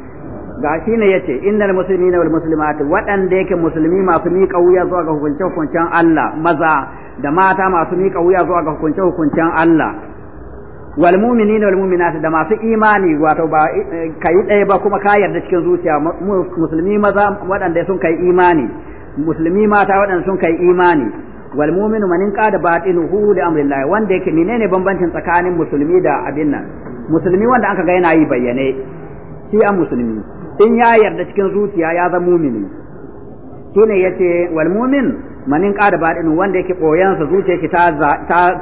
ga shi ne yace innal muslimina wal muslimat waɗanda yake musulmi masu miƙa wuya zuwa ga hukunce hukuncen Allah maza da mata masu miƙa wuya zuwa ga hukunce hukuncen Allah wal mu'minina wal mu'minat da masu imani wato ba eh, kai ɗaya ba kuma ka yarda cikin zuciya musulmi maza waɗanda sun kai imani musulmi mata waɗanda sun kai imani wal mu'minu man inqada batinuhu li amrillah wanda yake menene bambancin tsakanin musulmi da abin nan musulmi wanda aka ga yana yi bayyane shi an musulmi in ya yarda cikin zuciya ya zama mumini shine yace wal mumin manin qada badin wanda yake sa zuciyar shi ta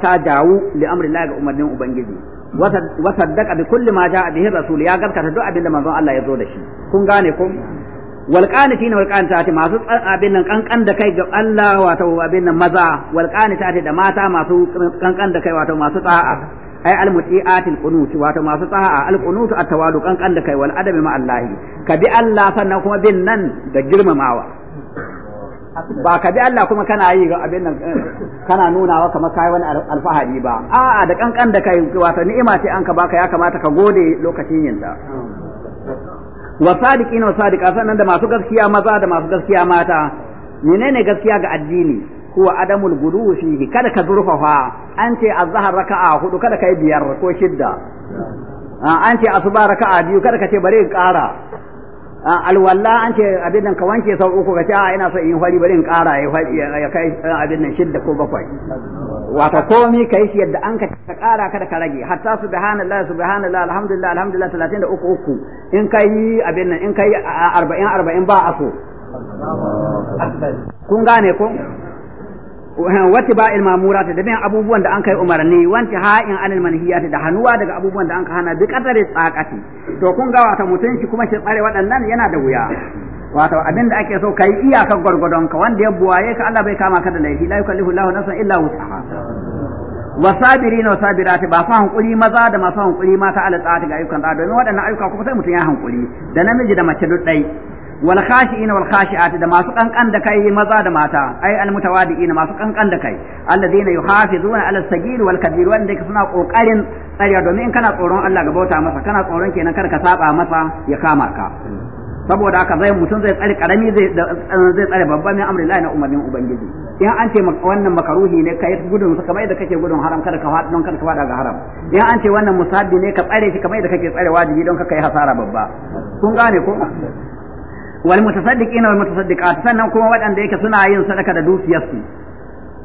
ta dawu li amri Allah ga umarnin ubangiji wa saddaqa bi kulli ma jaa bihi rasul ya gaskata duk abin da manzon Allah ya zo da shi kun gane ko wal qanitina wal qanitati masu abin nan kankan da kai ga Allah wato abin nan maza wal qanitati da mata masu kankan da kai wato masu ta'a ai al muti'at al qunut wato masu ta'a al qunut at tawadu kankan da kai wal adabi ma Allah ka bi Allah sannan kuma bin nan da girmamawa ba ka bi Allah kuma kana yi abin nan kana nunawa kamar kai wani alfahari ba a'a da kankan da kai wato ni'ima ce an ka baka ya kamata ka gode lokacin yin ta wa sadiqina wa sadiqa sannan da masu gaskiya maza da masu gaskiya mata menene gaskiya ga addini huwa adamul gudu fihi kada ka zurfafa an ce azhar raka'a hudu kada kai biyar ko shidda ah, an ce asuba raka'a biyu kada ka ce bari in ƙara ah, alwalla an ce abin nan ka wanke sau uku ka ce a ah, ina so in fari bari in ƙara ya kai abin nan shidda ko bakwai wato komi kai shi yadda an ka ƙara kada ka rage hatta subhanallah subhanallah alhamdulillah alhamdulillah da uku uku in kai abin nan in kai 40 40 ba aso kun gane ko wata ba mura ta dabin abubuwan da an kai umarni wanti ha'in anil manhiyati da hannuwa daga abubuwan da an ka hana bi kadari tsakati to kun ga wata mutunci kuma shi tsare waɗannan yana da wuya wato abin da ake so kai iyakar gwargwadon ka wanda ya buwaye ka Allah bai kama ka da laifi la yukallifu Allahu nafsan illa wus'aha wasabirina wasabirati ba fa hankuri maza da masu hankuri mata ala tsati ga ayyukan da domin waɗannan ayyuka kuma sai mutum ya hankuri da namiji da mace duk ɗai wal khashi'ina wal khashi'ati da masu kankan da kai maza da mata ai al mutawadi'ina masu kankan da kai alladheena yuhafizuna ala sagil wal kabir wanda suna kokarin tsariya domin in kana tsoron Allah ga bauta masa kana tsoron kenan kar ka saba masa ya kama ka saboda haka zai mutum zai tsare karami zai zai tsare babban min amri na umarnin ubangiji in an ce wannan makaruhi ne kai gudun sa kamar yadda kake gudun haram kada ka faɗi don kada ka faɗa ga haram in an ce wannan musabbi ne ka tsare shi kamar yadda kake tsare wajibi don ka kai hasara babba kun gane ko wal mutasaddiqina wal mutasaddiqat sannan kuma waɗanda yake suna yin sadaka da dukiyarsu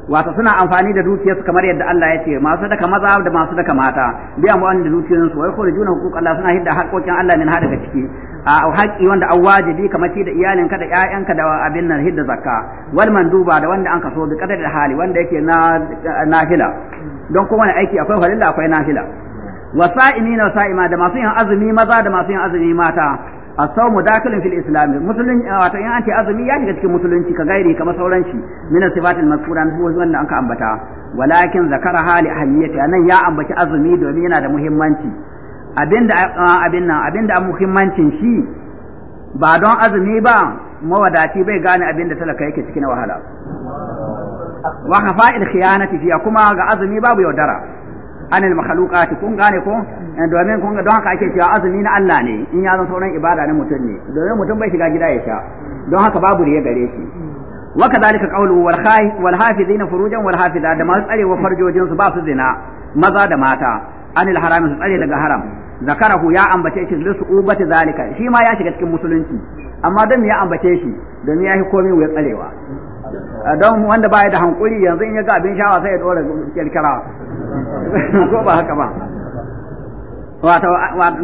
wato suna amfani da dukiyarsu kamar yadda Allah ya ce masu sadaka maza da masu sadaka mata biya mu da dukiyarsu wai ko juna hukuk Allah suna hidda haƙoƙin Allah min har daga ciki a haƙi wanda an wajibi kamar ci da iyalinka da ƴaƴanka da abin nan hidda zakka wal manduba da wanda an kaso bi kadar da hali wanda yake na nafila don kuma kowane aiki akwai farilla akwai nafila wasa'imina wasa'ima da masu yin azumi maza da masu yin azumi mata sau mu dakhilun fil islam musulun eh, wato in an ce azumi ya shiga cikin musulunci ka gairi kamar sauran shi min sifatil mazkura na sifofin wannan ambata walakin zakara hali ahliyati anan ya ambaci azumi domin yana da muhimmanci abinda eh, abin nan abinda muhimmancin shi ba don azumi ba mawadaci bai gane abinda talaka yake cikin wahala wa khafa'il khiyanati fiya kuma ga azumi babu yaudara anil makhluqati kun gane ko eh, domin kun ga don haka ake cewa azumi na Allah ne in ya zan sauran ibada na mutum ne domin mutum bai shiga gida ya sha don haka babu riya gare shi wa kadhalika qawluhu wal khaif wal hafizina furujan wal hafiza da masu tsare wa farjojin su ba su zina maza da mata anil harami su tsare daga haram zakarahu ya ambace shi lisu ubati zalika shi ma ya shiga cikin musulunci amma don ya ambace shi domin ya yi komai wa tsarewa don wanda baya da hankuri yanzu in ya ga abin shawa sai ya dora kirkira ko ba haka ba wato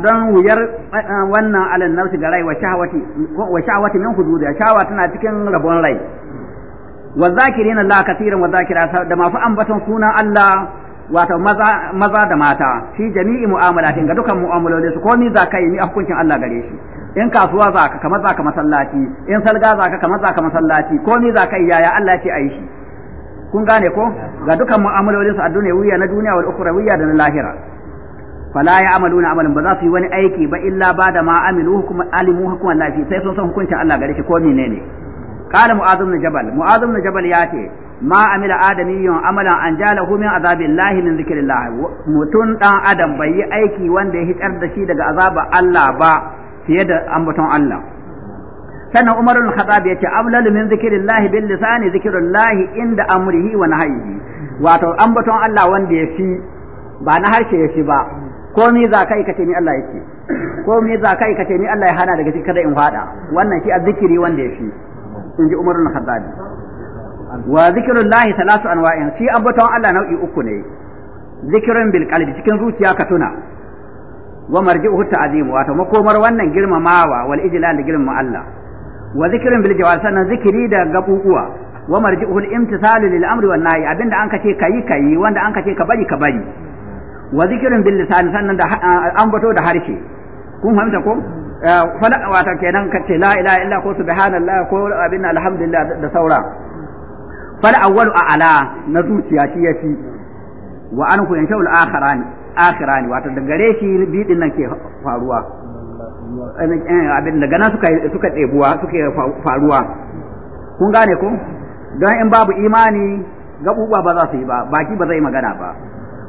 don wuyar eh, wannan alal nafsi ga rai wa sha'awati wa shahawati min shawa tana cikin rabon rai wa zakirina Allah katiran wa zakira da fa ambaton sunan Allah wato maza maza da mata fi jami'i mu'amalatin ga dukan mu'amalolin su ko ni zakai ni hukuncin Allah gare shi in kasuwa za ka kamar za ka masallaci in salga za ka kamar za ka masallaci komi za ka yaya Allah ya ce a yi shi kun gane ko ga dukan mu'amalolin su a duniya na duniya wal wuya da na lahira fala ya amalu na amalan ba za su yi wani aiki ba illa ba da ma amilu hukum alimu hukum lafi sai sun san hukuncin Allah gare shi ko ne qala mu'adh ibn jabal mu'adh jabal ya ce ma amila adamiyyun amalan an jalahu min azabillahi min zikrillah mutun dan adam bai yi aiki wanda ya hitar da shi daga azaba Allah ba fiye da ambaton Allah sannan Umar bin Khattab ya ce ablalu min zikrillahi bil lisani zikrullahi inda amrihi wa nahyihi wato ambaton Allah wanda ya fi ba na harshe ya fi ba ko ni za kai kace ni Allah yake ko ni za kai kace ni Allah ya hana daga cikin kada in fada wannan shi azzikiri wanda ya fi inji Umar bin Khattab wa zikrullahi thalath anwa'in shi ambaton Allah nau'i uku ne zikirin bil qalbi cikin zuciya ka tuna wa marji'uhu ta'zimu wato makomar wannan girmamawa wal ijlal da girmama Allah wa zikrin bil jawal sanan zikiri da gabubuwa wa marji'uhu al-imtisalu lil amri wan nahi abinda an kace kayi kayi wanda an kace ka bari ka bari wa zikrin bil lisan sannan da ambato da harshe kun fahimta ko eh, fala wata kenan kace la ilaha illa ko subhanallah ko abin alhamdulillah da saura fala awwalu a'la na zuciya shi yafi wa an ku al-akharani akhira ne wato da gare shi bidin nan ke faruwa eh, abin daga nan suka suka tsebuwa suke faruwa kun gane ko don in babu imani gabubuwa ba za su yi ba baki ba zai magana ba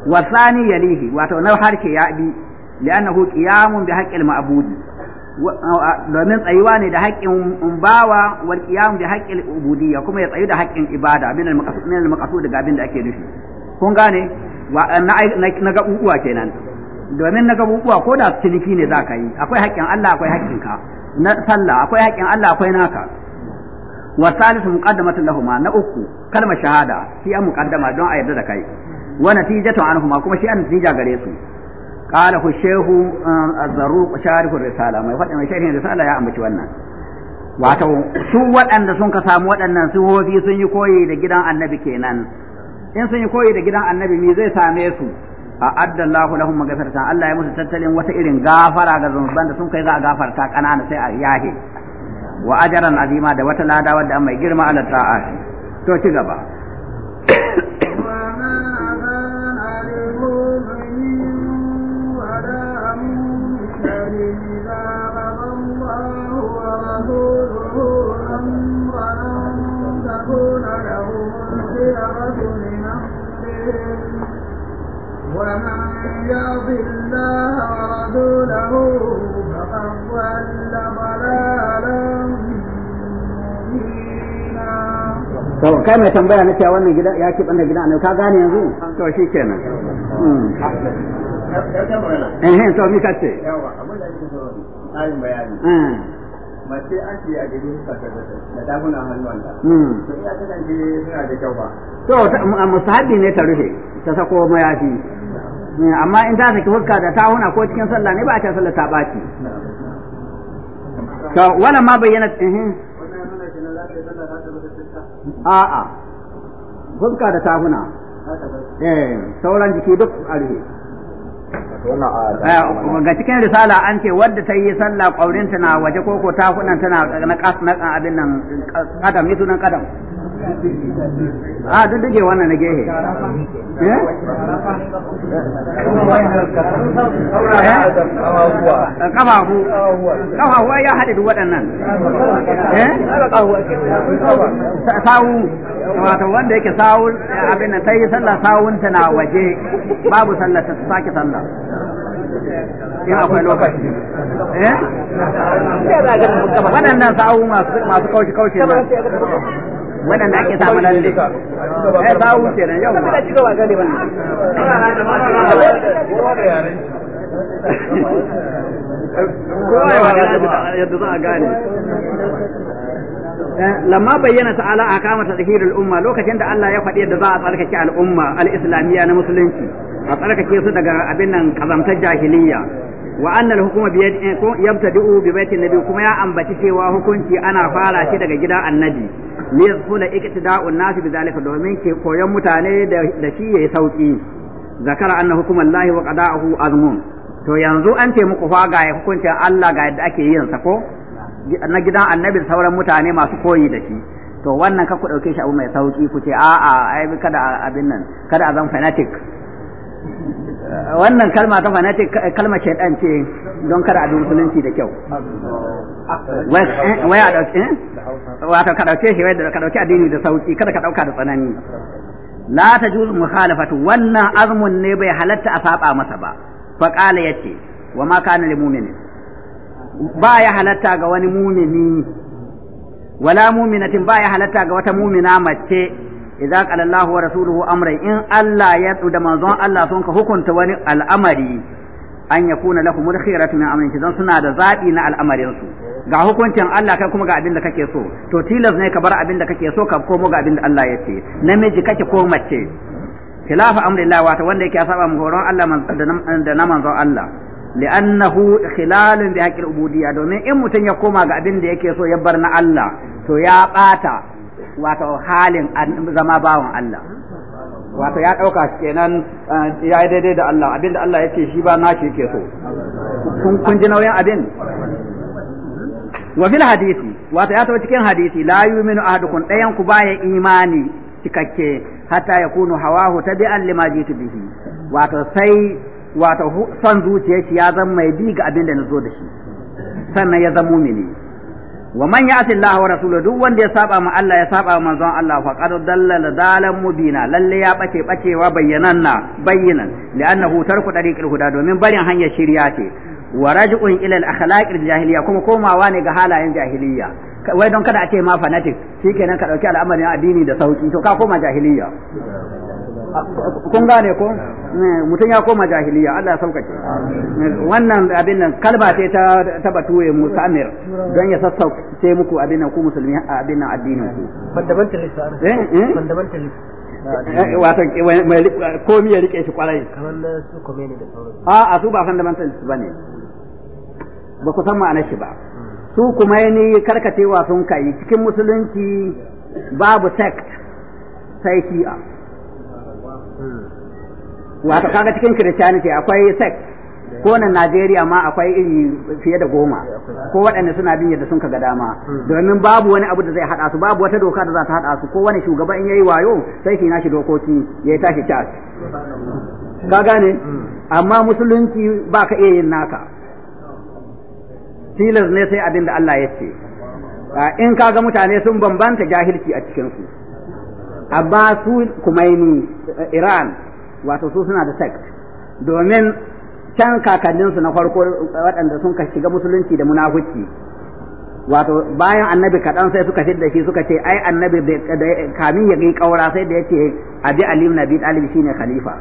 wasani yalihi wato na harshe ya bi li'annahu qiyamun bi haqqil ma'budi domin tsayuwa ne da haƙƙin bawa wal qiyam bi haqqil ubudiyya kuma ya tsayu da haƙƙin ibada bin al maqsud daga abin da ake nufi kun gane Eh, na uwa kenan domin na uwa ko da ciniki ne za ka yi akwai haƙƙin Allah akwai haƙƙinka na sallah akwai haƙƙin Allah akwai naka wa salisu muqaddamatun lahuma na uku kalma shahada shi an muqaddama don a yarda da kai wa natijatu anhuma kuma shi an natija gare su qala hu shehu az-zaruq risala mai faɗin sharhin risala ya ambaci wannan wato su waɗanda sun ka samu waɗannan hofi sun yi koyi da gidan annabi kenan in sun yi koyi da gidan annabi mi zai same su a addallahu lahum magfirata Allah ya musu tattalin wata irin gafara ga zunuban da sun kai za a gafarta kanana sai a yahe wa ajran azima da wata lada wadda mai girma ala ta'a to ci gaba you. أجر ومن يعص الله ورسوله فقد ضل ضلالا to kai mai tambaya na cewa wannan gida ya kiɓa gida ne ka gane yanzu to shi kenan eh to mi kace yawa abin da yake so bayani mace an ce a gari ta da daguna hannuwanta hmm. to ina kasance suna da kyau ba to musahabi ne ta rufe ta sako mayafi hmm, amma in ta saki fuska da ta huna ko cikin sallah ne ba a ta sallah ta baci to Wannan ma bayyana eh, eh. a a fuska da ta huna eh sauran jiki duk a rufe Eh, ga cikin risala an ce wadda ta yi sallah ƙaurinta na waje koko ta na na abin nan kadam sunan kadam Ah, duk duke wannan na gehe eh? Eh? kafafu kafafu ya haɗe duk waɗannan eh? sawu wato wanda yake sawu abin da ta yi sallah sawunta na waje babu sallah ta sake sallah Ina akwai lokaci eh waɗannan sawu masu kaushi kaushi waɗanda ake samu nan ne ya za wuce nan yau ma ci gaba wannan eh, lamma bayyana ta'ala a kama ta al'umma lokacin da Allah ya faɗi yadda za a tsarkake al'umma al'islamiyya na musulunci a tsarkake su daga abin nan kazamtar jahiliya wa annal hukuma bi eh, yabtadi'u bi baitin nabi kuma ya ambaci cewa hukunci ana fara shi daga gidan annabi li yazhula iktida'un nas bi zalika domin ke koyon mutane da shi yayi sauki zakara anna hukumallahi wa qada'uhu azmun to yanzu an ce muku fa ga hukuncin Allah ga yadda ake yin sa ko na gidan annabi sauran mutane masu koyi da shi to wannan ka ku dauke shi abu mai sauki ku ce a'a ai kada abin nan kada a zan fanatic wannan kalma ta fanatic kalmar shaidan ce don kada abin musulunci da kyau wai eh, a ɗauki, eh? wato ka dauke shi ka addini da sauƙi, kada ka ɗauka da tsanani la mu mukhalafatu wannan azumin ne bai halatta a saba masa ba fa ya ce wa ma kana lil mumini. ba ya halatta ga wani mumini wala muminatin ba ya halatta ga wata mumina mace idza qala Allahu wa rasuluhu amran in Allah ya da manzon Allah sun ka hukunta wani al'amari an yakuna lahumul khiyaratu min amrin dan suna da zabi na al'amarin su ga hukuncin Allah kai kuma ga abin da kake so to tilas ne ka bar abin da kake so ka komo ga abin da Allah ya ce namiji kake ko mace khilafa amrillah wato wanda yake saba mu da na manzon Allah li'annahu khilalun bi haqqil ubudiyya domin in mutun ya koma ga abin da yake so ya bar na Allah to ya bata wato halin zama bawan Allah wato ya ɗauka kenan eh, ya yi daidai da Allah abin da Allah ya ce shi ba na shi ke so kun ji nauyin abin wa fil hadisi wato ya taɓa cikin hadisi la yu'minu ahadukum ɗayan ku baya imani cikakke hatta ya kunu hawahu tabi'an lima jitu bihi wato sai wato son zuciyar shi ya zama mai bi ga abin da na zo da shi sannan ya zama mumini wa man ya'ti Allah wa rasulahu duk wanda ya saba ma Allah ya saba ma manzon Allah fa qad dallala dalan mubina lalle ya bace bacewa bayyananna bayyanan li'annahu tarku tariqil guda domin barin hanyar shirya ce wa raj'un ila al-akhlaqil jahiliya kuma komawa ne ga halayen jahiliya wai don kada a ce ma fanatic shikenan ka dauki al'amarin addini da sauki to ka koma jahiliya kun gane ko eh, mutum ya koma jahiliya Allah ya saukace wannan abin nan kalba ce ta ta batuwe musamir don ya sassauce muku abin nan ku musulmi abin nan addinin ku fundamentalist eh, eh? fundamentalist wato komi ya rike shi kwarai kamar na su komeni da sauransu a a su ba fundamentalist bane ba ku san ma'anar shi ba su kuma ni karkacewa sun kai cikin musulunci babu sect sai shi'a wato kaga cikin christianity akwai sex ko nan Najeriya ma akwai iri fiye da goma ko waɗanda suna bin yadda sun ga dama domin babu wani abu da zai haɗa su babu wata doka da za ta haɗa su ko wani shugaba in yayi wayo sai shi nashi dokoki ya yi tashi cas ka gane amma musulunci ba ka iya yin naka tilas ne sai abin da Allah ya ce in ka ga mutane sun bambanta jahilci a cikinsu amma su kumaini Iran wato su suna da sect domin can kakanninsu na farko waɗanda sun ka shiga musulunci da munafuci wato bayan annabi kaɗan sai suka fidda shi suka ce ai annabi kamin ya yi ƙaura sai da ya ce abi ali ibn abi talib shine khalifa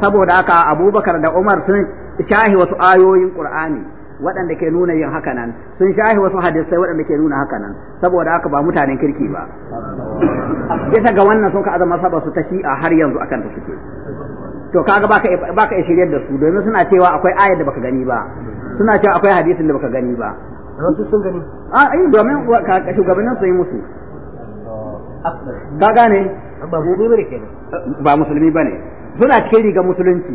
saboda haka abubakar da umar sun shahi wasu ayoyin qur'ani waɗanda ke nuna yin haka nan sun shahi wasu hadisai waɗanda ke nuna haka nan saboda haka ba mutanen kirki ba bisa ga wannan sun ka azama saba su ta shi'a har yanzu akan ta suke to kaga baka baka shiryar da su domin suna cewa akwai ayar da baka gani ba suna cewa akwai hadisin da baka gani ba wasu sun gani a yi eh, domin shugabannin sun yi musu ka gane ba musulmi ba ne. suna cikin rigar musulunci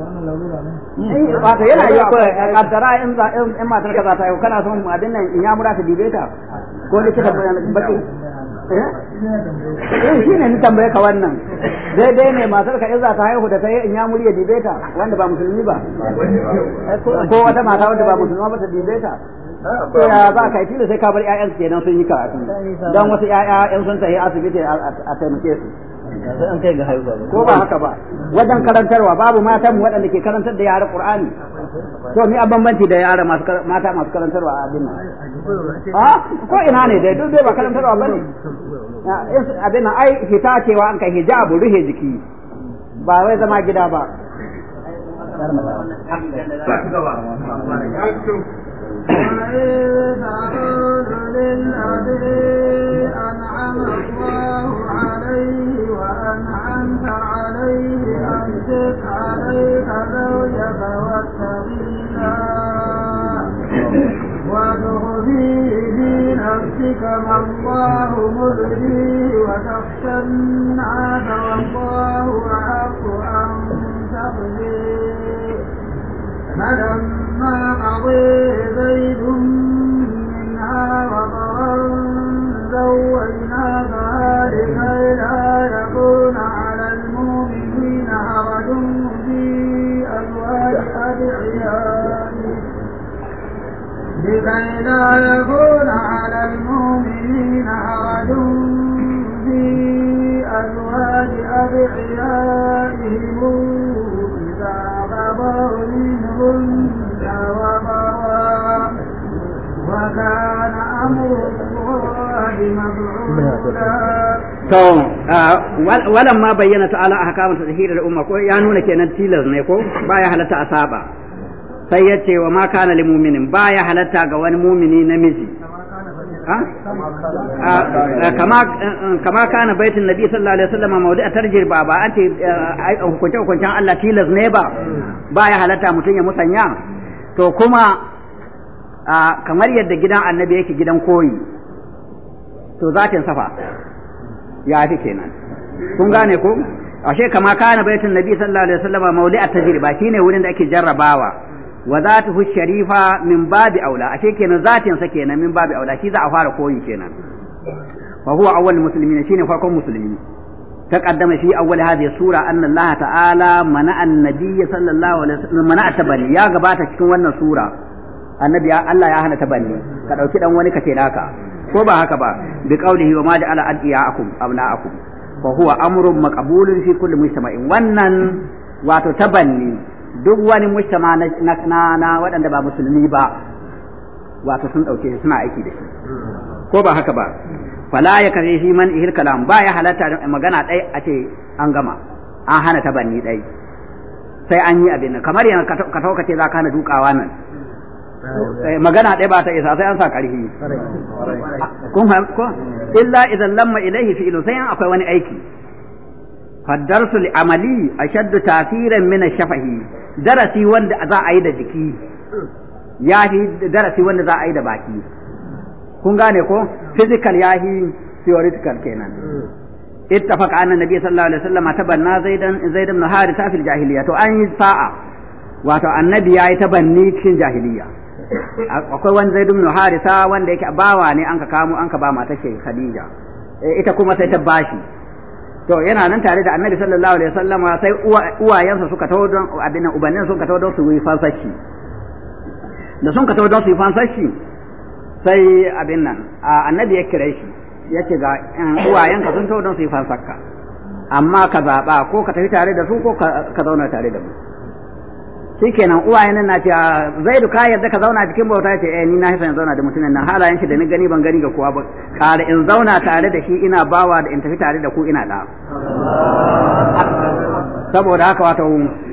Hmm. wato yana yi ko eh, kaddara in za in matar ka za ta yi kana son abin nan in ya mura ta dibe ta ko likita baki eh? eh shi ne ni tambaye ka wannan daidai ne matar ka in za ta haihu da ta in ya muriya dibe ta wanda ba musulmi ba eh, ko wata mata wanda ba musulma ba ta dibe ta ya za ka yi tilo sai ka bar 'ya'yan kenan sun yi karatu don wasu 'ya'ya in sun tafi asibiti a taimake su an kai ga haihuwa ko ba haka ba wajen karantarwa babu matan mu waɗanda ke karantar da yara Qur'ani to mi bambanci da yara masu mata masu karantarwa a abin ha ko ina ne dai duk dai ba karantarwa bane ah, abin nan ai hita cewa an kai hijabu ruhe jiki ba wai zama gida ba وإذ تعود للذي أنعم الله عليه ومتك عليك زوجك واتق الله وتخفي في نفسك ما الله مبديه وتخشى الناس والله أحق أن تخفي فلما قضي زيد منها وطرا زوجناها لكي لا لكي لا يكون على المؤمنين حرج في أزواج أدعيائهم إذا غضوا منهن وبرا وكان أمر to walan ma bayyana ta'ala a hakamun tashhir da umma ko ya nuna kenan tilas ne ko baya halatta a saba sai ya ce wa ma kana lil mu'minin baya halatta ga wani mu'mini namiji kama kana baitin nabi sallallahu alaihi wasallam mawdi a tarjir ba ba an ce hukunce hukuncen Allah tilas ne ba baya halatta mutum ya musanya to kuma kamar yadda gidan annabi yake gidan koyi to zatin safa ya fi kenan kun gane ku? ashe kama kana baitul nabi sallallahu alaihi wasallam mawdi'a tajriba shine wurin da ake jarrabawa wa zatuhu sharifa min babi aula ashe kenan zatin sa kenan min babi aula shi za a fara koyi kenan wa huwa awwal muslimin shine farkon musulmi تقدم في أول هذه السورة أن الله تعالى منع النبي صلى الله عليه وسلم منع التبني يا قبات cikin wannan sura annabi Allah ya hana tabanni ka dauki dan wani ka ce ko ba haka ba bi qaulihi wa ma ja'ala adiyakum abna'akum fa huwa amrun maqbulun fi kulli mujtama'in wannan wato tabanni duk wani mujtama na na, na waɗanda ba musulmi ba wato sun dauke suna aiki da shi ko ba haka ba fala ya kare shi man ihil kalam ba ya halatta magana ɗaya a ce an gama an hana tabanni ɗaya sai an yi abin kamar yana ka tauka ce za ka hana dukawa nan Eh, magana ɗaya ba ta isa sai an sa ƙarfi kun ko illa idan lamma ilaihi fi'lu sai an akwai wani aiki faddarsu li'amali ashaddu tasiran min shafahi darasi wanda za a yi da jiki ya fi darasi wanda za a yi da baki kun gane ko physical ya fi theoretical kenan ittafaqa anna nabiy sallallahu alaihi wasallam tabanna zaidan zaid ibn harith fi jahiliya to an yi sa'a wato annabi yayi tabanni cikin jahiliya akwai wani zaidu bin harisa wanda yake bawa ne an ka kamo an ka ba mata shi khadija eh, ita kuma sai ta bashi to yana nan tare da annabi sallallahu alaihi wasallam sai uwayensa suka taho don abin nan ubannin suka taho don su yi fansashi da sun ka taho don su yi fansashi sai abin nan annabi ya kire shi ya ce ga uwayenka sun taho don su yi fansakka amma ka zaɓa ko ka tafi tare da su ko ka zauna tare da mu shikenan uwaye nan na ce ah, zaidu ka yadda ka zauna cikin bauta ce eh ni na hifa in zauna da mutumin nan halayen shi da ni gani ban gani ga kowa ba kare in zauna tare da shi ina bawa da in tafi tare da ku ina da saboda haka wato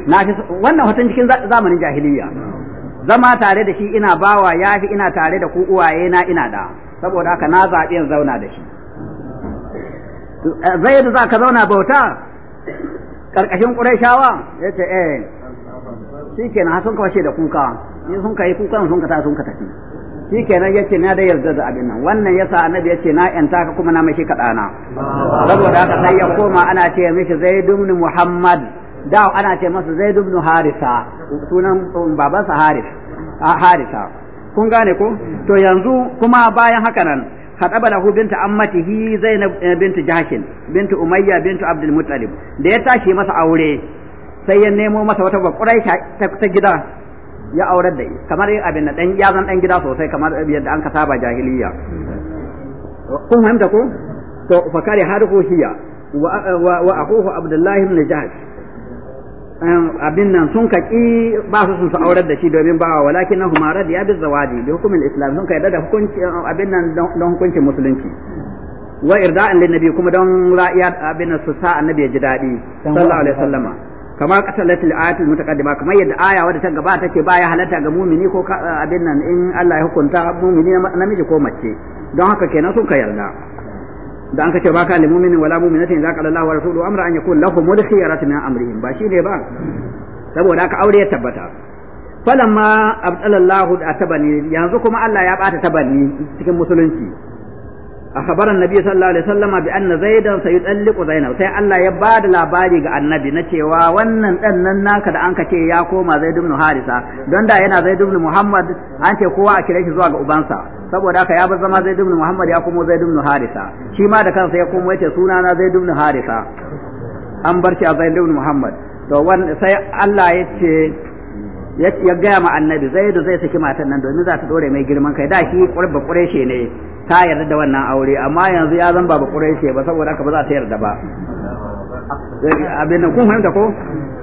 na fi wannan hoton cikin zamanin jahiliya zama tare da shi ina bawa yafi ina tare da ku uwaye na ina da saboda haka na zaɓi in zauna da shi zaidu za ka zauna bauta ƙarƙashin ƙurayshawa ya ce eh shikenan sun ka fashe da kuka in sun kai kuka sun ka sun ka tafi shikenan yace na da yarda da abin nan wannan yasa annabi yace na yanta ka kuma na mashi ka dana saboda haka sai ya koma ana ce mishi zaid ibn muhammad da ana ce masa zaid ibn harisa sunan um, babansa haris harisa kun gane ko to yanzu kuma bayan haka nan lahu له ammatihi zainab زينب بنت جهش بنت أمية abdul muttalib da ya tashi masa aure. sai ya nemo masa wata bakurai ta gida ya aurar da kamar abin na dan yazan dan gida sosai kamar yadda an ka saba jahiliya kun fahimta ko to fa kare harko hiya wa akuhu abdullahi ibn jahsh abin nan sun kaki ba su sun su aurar da shi domin bawa walakin nahu ma radiya bi zawadi bi hukumin islam sun kai da hukunci abin nan don hukuncin musulunci wa irda'an lin nabi kuma don ra'iya abin su sa annabi ya ji dadi sallallahu alaihi wasallama kamar kama qatalatil ayatul mutaqaddima kamar yadda aya wadda ta gabata ba ya halatta ga mumini ko abin nan in Allah ya hukunta mumini namiji ko mace don haka kenan sun ka yarda da an kace baka lil mu'minin wala mu'minatin idza qala Allahu wa rasuluhu amra an yakun lahum khiyaratu min amrihim ba shine ba saboda haka aure ya tabbata falamma abdala Allahu da yanzu kuma Allah ya bata tabani cikin musulunci أخبر النبي صلى الله عليه وسلم بأن زيدا Zainab sai Allah ya bada labari ga annabi na cewa wannan dan nan naka da anka ce ya koma Zaid ibn Harisa don da yana Zaid ibn Muhammad an ce kowa a kire shi zuwa ga ubansa saboda haka ya bar zama Zaid ibn Muhammad ya komo Zaid ibn Harisa shi ma da kansa ya komo yace suna na Zaid ibn Harisa an barci a Zaid ibn Muhammad to sai Allah ya ce ya gaya ma annabi zai da zai saki matan nan domin za ta dore mai girman kai da shi kurba kureshe ne ta yarda da wannan aure amma yanzu ya zan ba kureshe ba saboda haka ba za ta yarda ba abin nan kun fahimta ko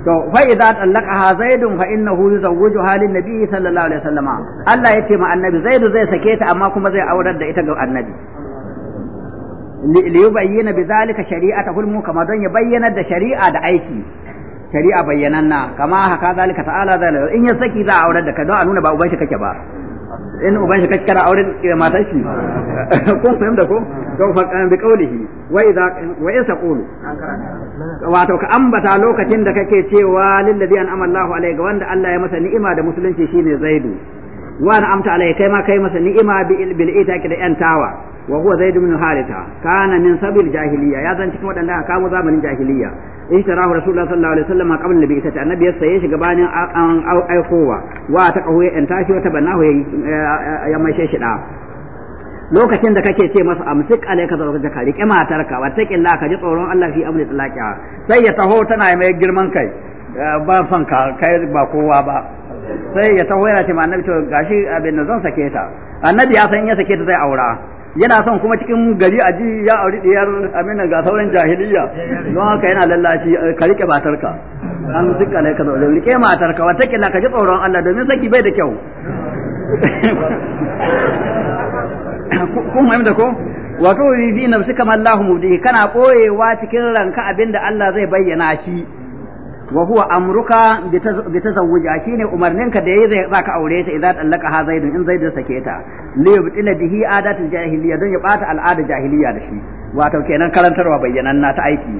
to fa idza talaqaha zaidun fa innahu yuzawwiju halin nabi sallallahu alaihi wasallama Allah ya ce ma annabi zaidu zai sake ta amma kuma zai aurar da ita ga annabi li yubayyana bi shari'atahu al don ya bayyana da shari'a da aiki shari'a bayyananna kama haka zalika ta'ala zalika in ya saki za a aurar da ka don a nuna ba uban shi kake ba in uban shi kake kana auren matar shi kun fahimta ko to fa eh, bi qawlihi wa idza wa isa qulu wato ka ambata lokacin da kake cewa lil ladhi an'ama Allahu alayhi wanda Allah ya masa ni'ima da musulunci shine Zaidu wa na amta alayhi kai ma kai masa ni'ima bil itaqi da yantawa wa huwa zaid ibn haritha kana min sabil jahiliya ya zan cikin wadanda aka mu zamanin jahiliya rahu rasulullah sallallahu alaihi wasallam qabla nabi ta annabi sai ya shiga bayan an aikowa wa ta kahu ya tashi wata tabanahu ya mai shi da lokacin da kake ce masa amsik alayka zawjaka ka rike matarka wa taqilla ka ji tsoron Allah fi amri talaqiya sai ya taho tana mai girman kai ba son ka kai ba kowa ba sai ya taho yana ce ma annabi to gashi abin da zan sake ta annabi ya san in ya sake ta zai aura yana son kuma cikin gari a ji ya auri diyar amina ga sauran jahiliya don haka yana lallashi eh, ka rike matarka an suka ne ka zaune rike matarka wata kila ka ji tsoron Allah domin saki bai da kyau kun da ko wato fi nafsi kamar Allah mudi? kana koyewa cikin ranka abinda Allah zai bayyana shi wa huwa amruka bi tazawwuja shine ka da yayi zai zaka aure ta idan tallaka ha zaidun in zaidun sake ta li yubtila bihi adatul jahiliya don ya bata al'ada jahiliya da shi wato kenan karantarwa bayyanan na ta aiki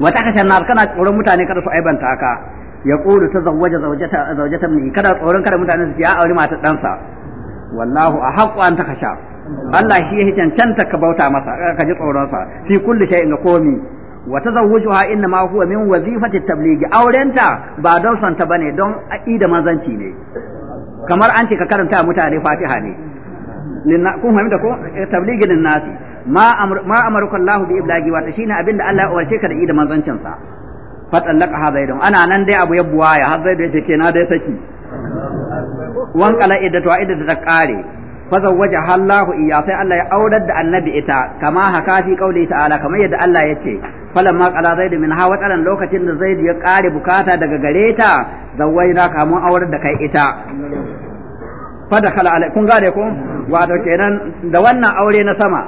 wata kashan nar kana tsoron mutane kada su aibanta ka ya qulu tazawwaja zawjata zawjata min kada tsoron kada mutane su ya aure matar sa wallahu ahqqu an takasha Allah shi ya cancanta ka bauta masa ka ji tsoron sa fi kulli shay'in komi wa tazawwujuha inna ma huwa min wazifati tablighi aurenta ba don santa bane don da manzanci ne kamar an ce ka karanta mutane fatiha ne kun fahimta ko eh, tablighi lin nasi ma amaruka Allah bi iblagi wa shine abinda Allah ya umarce ka da ida manzancin sa fatallaka ha zaidun ana nan dai abu ya buwaya har zaidu yace kenan dai saki wan kala iddatu iddatu ta kare fazawwaja Allahu iya sai Allah ya aurar da annabi ita kama haka fi qauli ta'ala kamar yadda Allah ya ce ma qala zaid min ha qalan lokacin da zaid ya kare bukata daga gare ta zawwaina ka mun aurar da kai ita fadakhala alai kun gane ku. wato kenan da wannan aure na sama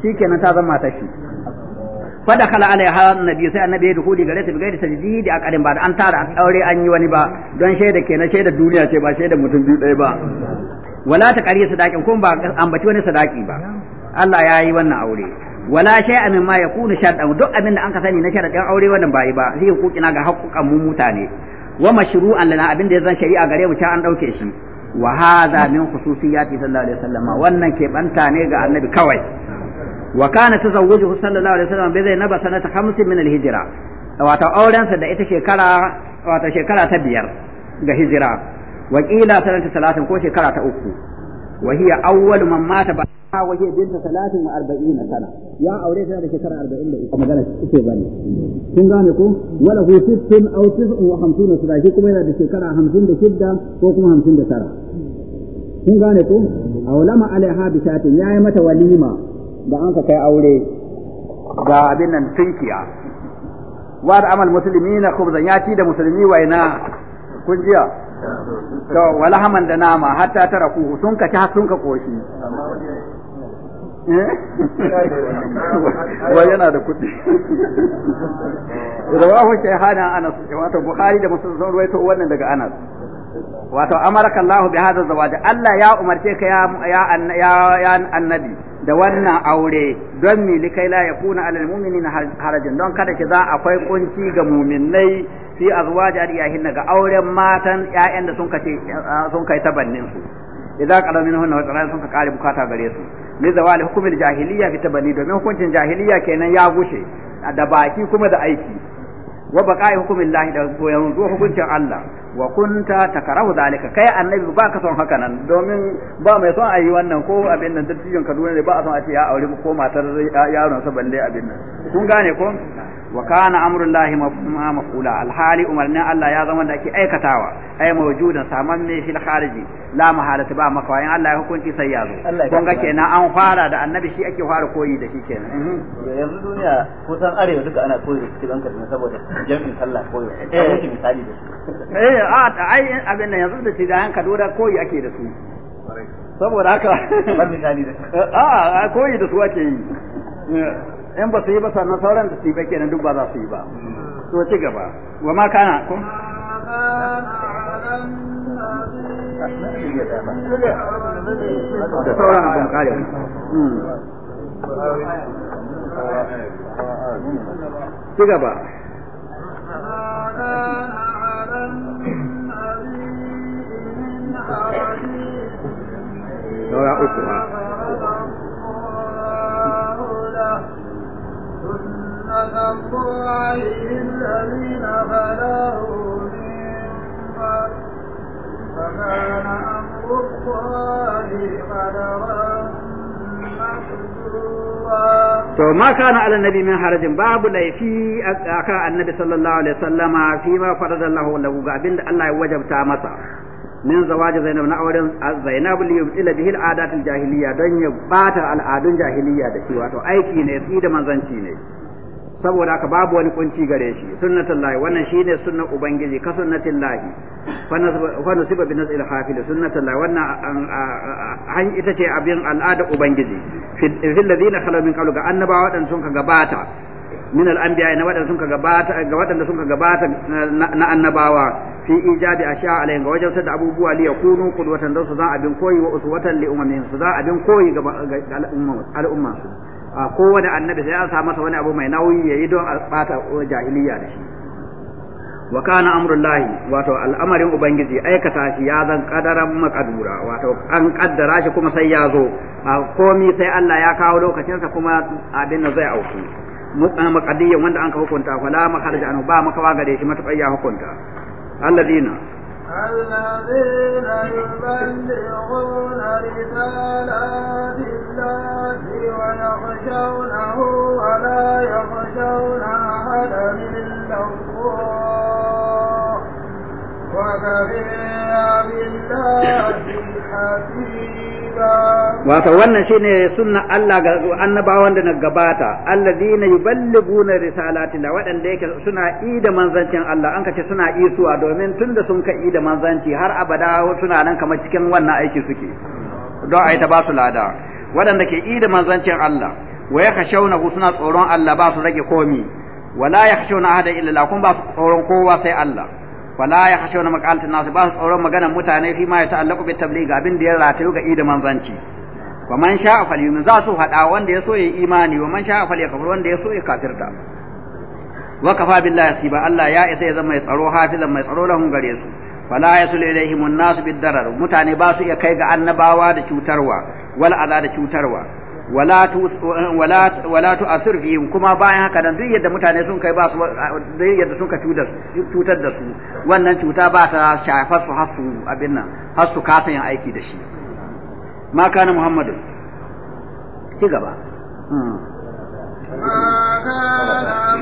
shikenan ta zama ta shi fadakhala alai ha annabi sai annabi ya dukuli gare ta bigaida tajdidi a karin ba da an tara aure an yi wani ba don shaida kenan shaida duniya ce ba shaida mutum biyu ɗaya ba wala ta kariya sadakin kun ba ambaci wani sadaki ba Allah ya yi wannan aure wala shay amin ma yakunu shartan duk abin da an ka sani na sharadin aure wannan ba yi ba sai hukukina ga hakukan mu mutane wa mashru'an lana abin da ya zan shari'a gare mu ta an dauke shi wa hadha min khususiyati sallallahu alaihi wasallam wannan ke banta ne ga annabi kawai wa kana tazawwujuhu sallallahu alaihi wasallam bai zai naba sanata 50 min al-hijra wato aurensa da ita shekara wato shekara ta biyar ga hijira wakila sanata talatin ko shekara ta uku wa hiya awwalu man mata ba wa hiya binta talatin wa arba'ina sana ya aure tana da shekara arba'in da uku magana kike bane kun gane ko wala hu sittin aw tis'un wa hamsuna sana shi kuma yana da shekara hamsin da shidda ko kuma hamsin da tara ko yayi mata walima da an aure ga abin nan tunkiya wa da amal muslimina khubzan ya ci da musulmi waina kun jiya to wala haman da nama hatta tara ku sun ka ci har sun ka koshi eh? wa yana da kuɗi rawahu shaykhana anas wato bukhari da muslim sun ruwaito wannan daga anas wato amarakallahu allah bi hadha zawaj allah ya umarce ka ya ya annabi da wannan aure don mi likai la kuna alal mu'minina harajin don kada ki za akwai kunci ga mu'minai fi azwaji aliyahin ga auren matan ƴaƴan da sun kace eh, sun kai tabannin su idza qala minhu wa qala sun ka kare bukata gare su li zawali hukumul jahiliya fi tabanni domin hukuncin jahiliya kenan ya gushe da baki kuma da aiki wa baqa'i hukumillahi da koyan zuwa hukuncin Allah wa kunta takarahu zalika kai annabi ba ka son haka nan domin ba mai son ayi wannan ko abin nan dattijon Kaduna ne ba a son a ce ya aure ko matar yaron sa balle abin nan kun gane ko wa kana amrullahi mafhuma mafula alhali umarnin Allah ya zama da ake aikatawa ai mawjudan samanne fil khariji la mahalata ba in Allah ya hukunci sai ya zo kun ga kenan an fara da annabi shi ake fara koyi da shi kenan mhm. yanzu duniya kusan arewa duka ana koyi da shi don kaduna saboda jami'in sallah koyi eh misali da su eh a ai abin nan yanzu da ka dora koyi ake da su saboda haka a koyi da su ake yi eh. in ba su yi ba sannan sauran da su yi ba kenan duk ba za su yi ba to ci gaba wa ma kana ko da sauran abin kare hmm. ci gaba Saura uku ha. To ma kana ala nabi min harajin babu laifi akan annabi sallallahu alaihi wasallama fi ma farada Allah lahu ga abinda Allah ya wajabta masa min zawaji Zainab na auren Zainab li yubtila bihi al'adatul jahiliya don ya bata al'adun jahiliya da shi wato aiki ne tsi da manzanci ne saboda haka babu wani kunci gare shi sunnatullahi wannan shine sunnar ubangiji ka sunnatullahi fa nusiba bi nasil hafil sunnatullahi wannan han ita ce abin al'ada ubangiji fil ladina khala min qablu ga annaba wadan sun ka gabata min al-anbiya na wadan sun ka gabata ga wadan sun ka gabata na annabawa fi ijabi asha alayhi ga wajabta da abubuwa li yakunu qudwatan da su zan abin koyi wa uswatan li ummin su zan abin koyi ga al'umma su a kowane annabi sai an sa masa wani abu mai nauyi yayi don a bata jahiliya da shi wa kana amrullahi wato al'amarin ubangiji aikata shi ya zan kadaran makadura wato an kaddara shi kuma sai ya zo A komi sai Allah ya kawo lokacinsa kuma abin zai auku muqaddiyan wanda an ka hukunta fala makharaja anhu ba makawa gare shi matakai ya hukunta alladina الذين يبلغون رسالات الله ويخشونه ولا يخشون أحدا إلا الله وكفي بالله حكيما wato wannan shine sunna Allah ga annabawan da na gabata alladina yuballiguna risalatillah waɗanda yake suna da manzancin Allah an kace suna isuwa domin tunda sun ka da manzanci har abada suna nan kamar cikin wannan aiki suke don ai ta ba su lada waɗanda ke da manzancin Allah wa yakhshawna suna tsoron Allah ba su rage komi wala yakhshawna ahada illa kun ba su tsoron kowa sai Allah wala ya hashe wani makalata nasu ba su tsoron magana mutane fi ma ya ta'allaku bi tabligh abin da ya ratayu ga idan manzanci wa man a falyumin za su haɗa wanda ya so ya imani wa man sha'a falyakfur wanda ya so ya kafirta wa kafa billahi hasiba Allah ya isa ya zama mai tsaro hafizan mai tsaro lahun gare su fala yasul ilaihim an darar mutane ba su iya kai ga annabawa da cutarwa wal adha da cutarwa wala tu asir fihim kuma bayan haka nan duk yadda mutane sun kai ba su duk yadda sun ka cutar da su wannan cuta ba ta shafar su hasu abin nan hasu kasa yin aiki da shi ma kana muhammadu ci gaba hmm.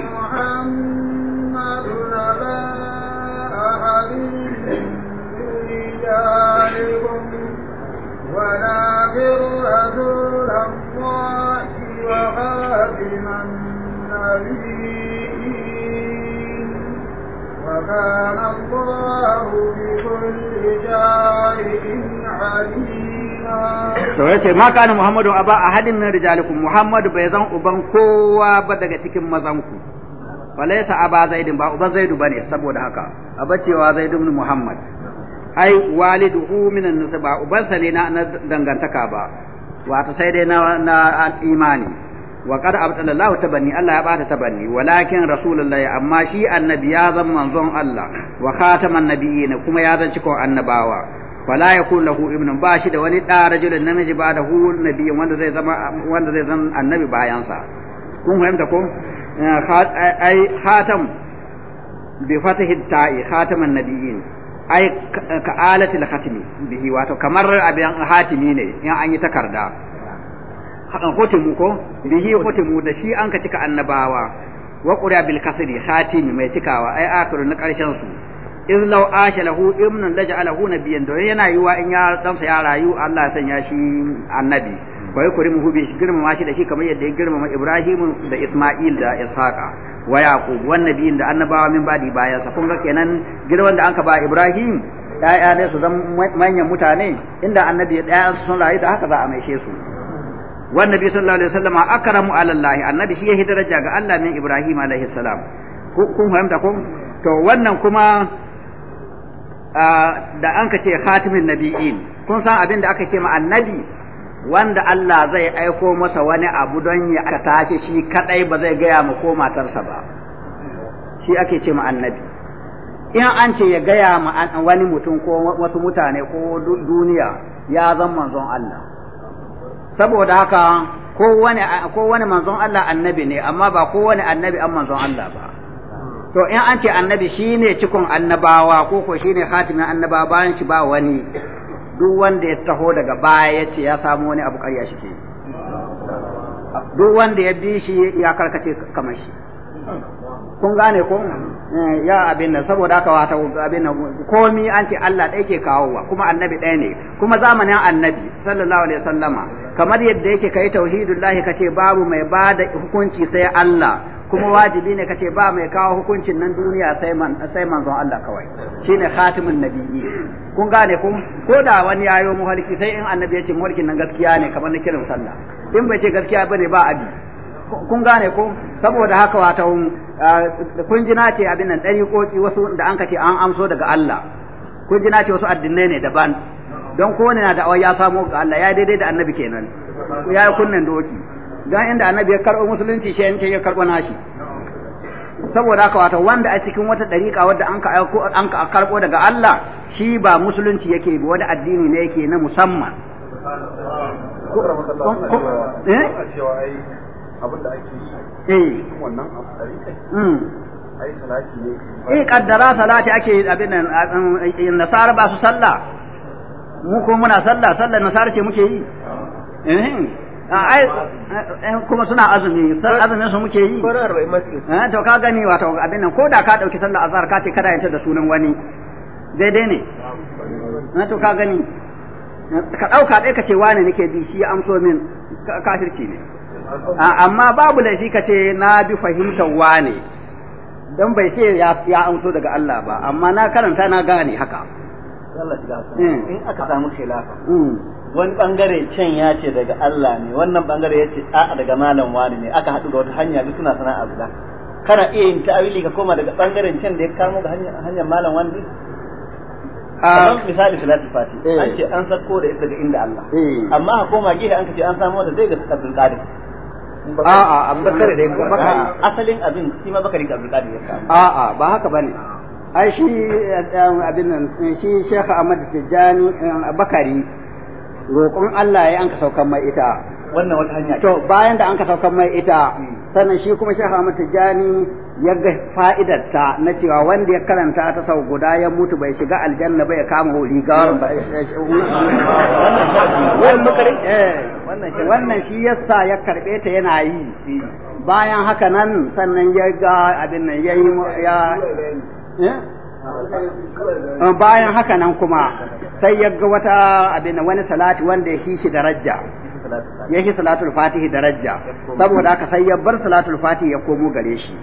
muhammadu ونابر رسول الله وخاتم النبيين وكان الله بكل شيء عليما to ya ce ma kana muhammadu a ba a hadin nan rijalikun muhammadu bai zan uban kowa ba daga cikin mazanku a ba zaidin ba uban zaidu bane saboda haka aba cewa zaidun muhammad ai waliduhu min an ba ubansa ne na dangantaka ba wato sai dai na na imani wa qad abtala Allah tabanni Allah ya bata tabanni walakin rasulullahi amma shi annabi ya zan manzon Allah wa khataman nabiyina kuma ya zan cikon annabawa fala yakun lahu ibnun ba shi da wani da rajulun namiji ba da hu nabiyin wanda zai zama wanda zai zan annabi bayan sa kun fahimta ko eh, ai khatam bi fatahi ta'i khataman nabiyina ai ka alatil hatimi bihi wato kamar abin hatimi ne in an yi takarda hutimu ko bihi hutimu da shi an ka cika annabawa wa qura bil kasri hatimi mai cikawa ai akiru na karshen su iz law asha lahu ibnun laj'alahu nabiyyan do yana yiwa in ya dan sa ya rayu Allah ya sanya shi annabi wa yukrimuhu bi girmama shi da shi kamar yadda ya girmama Ibrahim da Isma'il da Ishaqa wa Yaqub wan nabiyin da annabawa min badi bayan sa kun ga kenan girman da anka ba Ibrahim ɗaya ne su zan manyan mutane inda annabi ɗaya sun rayu da haka za a maishe su wan nabi sallallahu alaihi wasallam akramu ala Allah annabi shi yake daraja ga Allah min Ibrahim alaihi salam kun fahimta kun to wannan kuma da an ka ce khatimin nabiyin kun san abin da aka ce ma annabi wanda Allah zai aiko masa wani abu don ya aikata shi shi kadai ba zai gaya ma ko matarsa ba shi ake ce ma annabi in an ce ya gaya ma wani mutum ko wasu mutane ko duniya ya zan manzon Allah saboda haka ko wani manzon Allah annabi ne amma ba ko wani annabi an manzon Allah ba to in an ce annabi shine cikon annabawa ko ko shine khatimin annabawa bayan shi ba wani duk wanda ya taho daga baya ya ce ya samu wani abu ƙarya shi ke duk wanda ya bi shi ya karkace kamar shi kun gane ko eh, ya abin nan saboda aka wata abin nan komi an ce Allah ɗaya ke kawowa kuma annabi ɗaya ne kuma zamanin annabi sallallahu alaihi wasallama kamar yadda yake kai tauhidullahi kace babu mai bada hukunci sai Allah kuma wajibi ne kace ba mai kawo hukuncin nan duniya sai man sai manzon Allah kawai shine khatimun nabiyyi kun gane kun ko da wani yayo halki sai in annabi ya ce muhalkin nan gaskiya ne kamar na kiran sallah in bai ce gaskiya bane ba abi kun gane ko saboda haka wata kun jina ce abin nan dari koki wasu da an kace an amso daga Allah kun ce wasu addinai ne daban don ko ne na da ya samo ga Allah ya daidai da annabi kenan ya yi doki don inda annabi ya karɓo musulunci shi yanke ya karɓo nashi saboda haka wato wanda a cikin wata dariƙa wadda an ka an ka karɓo daga Allah shi ba musulunci yake ba wani addini ne yake na musamman eh kaddara salati ake abin nan eh, nasara ba su sallah mu ko muna sallah sallar nasara ce muke yi eh Eh, eh, kuma suna azumi san azumin su muke yi eh, to ka gani wato abin nan ko da ka dauki sallar azhar ka ce kada yanta da sunan wani daidai ne to ka gani ka dauka dai ka ce wani nake bi shi amso min kafirci ne amma babu laifi ka ce na bi fahimtar wane dan bai ce ya amso daga Allah ba amma na karanta na gane haka in aka samu khilafa hmm. wani bangare can ya ce daga Allah ne wannan bangare ya ce a'a daga malam wani ne aka haɗu da wata hanya duk suna sana'a guda kana iya yin ta'awili ka koma daga bangaren can da ya kamo ga hanyar malam wani a ah. misali salatul fati eh. an ce an sako da ita daga inda Allah eh. amma a koma gida an ce an samu wata zai ga Abdul Qadir a'a abubakar da kuma asalin abin shi ma bakari ga Abdul Qadir ya samu a'a ba haka bane ai shi eh, abin nan shi shekha Ahmad Tijani Bakari roƙon Allah ya yi an ka saukan mai ita wannan wata hanya to bayan da an ka saukan mai ita hmm. sannan shi kuma Sheikh Ahmad Tijani ya ga fa'idarta na cewa wanda ya karanta ta sau guda ya mutu bai shiga aljanna ba ya kama hori gawarin ba eh, wannan shi yasa ya karbe ta yana yi hmm. bayan haka nan sannan ya ga abin nan ya yi eh? Eh, bayan haka nan kuma sai ya ga wata abin wani salati wanda ya shi shi daraja ya shi salatul fatihi daraja saboda haka sai ya bar salatul fatihi ya komo gare shi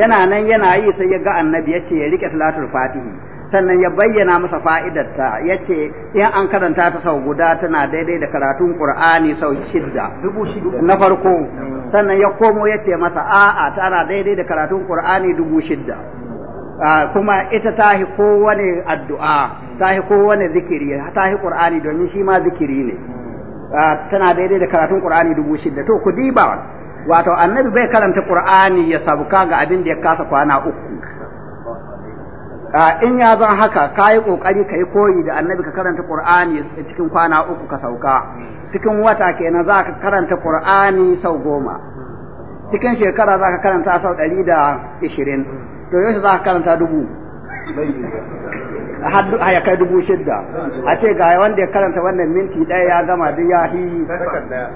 yana nan yana yi sai ya ga annabi ya ce ya rike salatul fatihi sannan ya bayyana masa fa'idarta ce in an karanta ta sau guda tana daidai da karatun qur'ani sau shidda na farko sannan ya komo ya ce masa a'a tana daidai da karatun qur'ani dubu shidda kuma ita ta hi kowane addu'a ta tahi kowane zikiri ta tahi ƙur'ani domin shi ma zikiri ne tana daidai da karatun ƙur'ani dubu shida to ku diba wato annabi bai karanta qur'ani ya sabuka ga abin da ya kasa kwana uku in ya zan haka ka yi ƙoƙari ka yi koyi da annabi ka karanta ƙur'ani cikin kwana uku ka sauka cikin wata kenan za ka karanta ƙur'ani sau goma cikin shekara za ka karanta sau ɗari da ishirin to yaushe za ka karanta dubu har kai dubu shidda a ce ga wanda ya karanta wannan minti ɗaya ya gama duk ya hi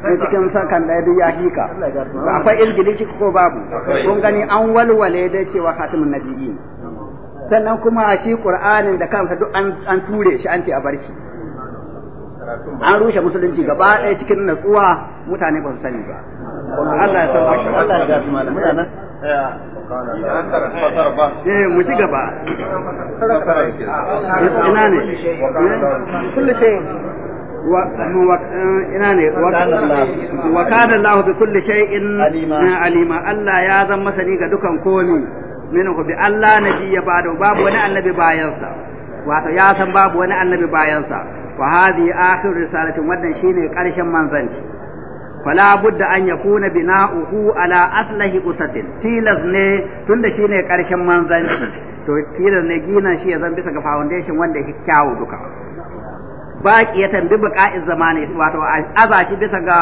ne cikin sakan ɗaya duk ya hi ka akwai ilgili ko babu kun gani an walwale da cewa na nabiyyin sannan kuma a shi qur'anin da kansa duk an ture shi an ce a bar shi an rushe musulunci gaba ɗaya cikin natsuwa mutane ba su sani ba Allah ya tauba shi Allah ya gasu malam muna nan eh mu ci gaba ina ne kullu shay eh, ina ne wa Allah bi kulli shay'in alima eh, Allah ya zan masani ga dukan komi ku bi Allah ya ba'da babu wani annabi bayansa wato ya san babu wani annabi bayansa wa hadhihi akhiru risalatin wannan shine karshen manzanci fala budda an bina bina'uhu ala aslahi usatin tilas ne tunda shine karshen manzanci to tilas ne gina shi ya zan bisa ga foundation wanda ya kyawu duka baki ya tambi buƙa'in zamani wato aza bisa ga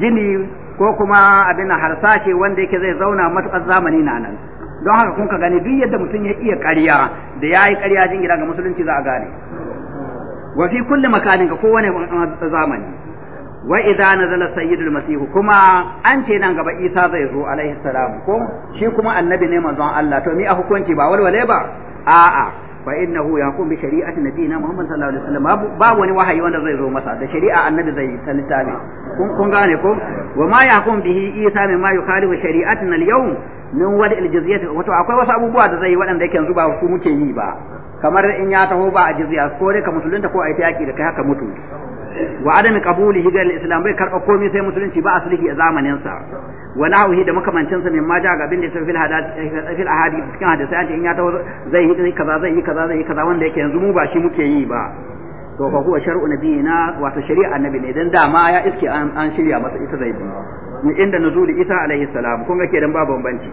jini ko kuma abin harsashi wanda yake zai zauna matuƙar zamani na nan don haka kun gani duk yadda mutum ya iya karya da ya yi ƙarya jingina musulunci za a gane wa kulle makanin ga kowane zamani wa idza nazala sayyidul masih kuma an ce nan gaba isa zai zo alaihi salam ko shi kuma annabi ne manzon Allah to mi a hukunci ba walwale ba a'a fa innahu yaqum bi shari'ati nabiyina muhammad sallallahu alaihi wasallam ba wani wahayi wanda zai zo masa da shari'a annabi zai yi talita ne kun kun gane ko wa ma yaqum bihi isa min ma yukhalifu shari'atina al-yawm min wal aljizyati wato akwai wasu abubuwa da zai yi waɗanda yake yanzu ba su muke yi ba kamar in ya taho ba a jizya ko dai ka musulunta ko a yi yaki da kai haka mutu wa adami qabuli al islam bai karba komai sai musulunci ba aslihi a zamanin sa wa nahwihi da makamancin sa mimma ja ga bin da fil hadith fil ahadi cikin hadisi an ya tawo zai yi kaza zai yi kaza zai yi kaza wanda yake yanzu mu ba shi muke yi ba to fa huwa shar'u nabiyina wato shari'a annabi ne da dama ya iske an shirya masa ita zai bi inda nuzuli isa alaihi salam kun ga kenan babu bambanci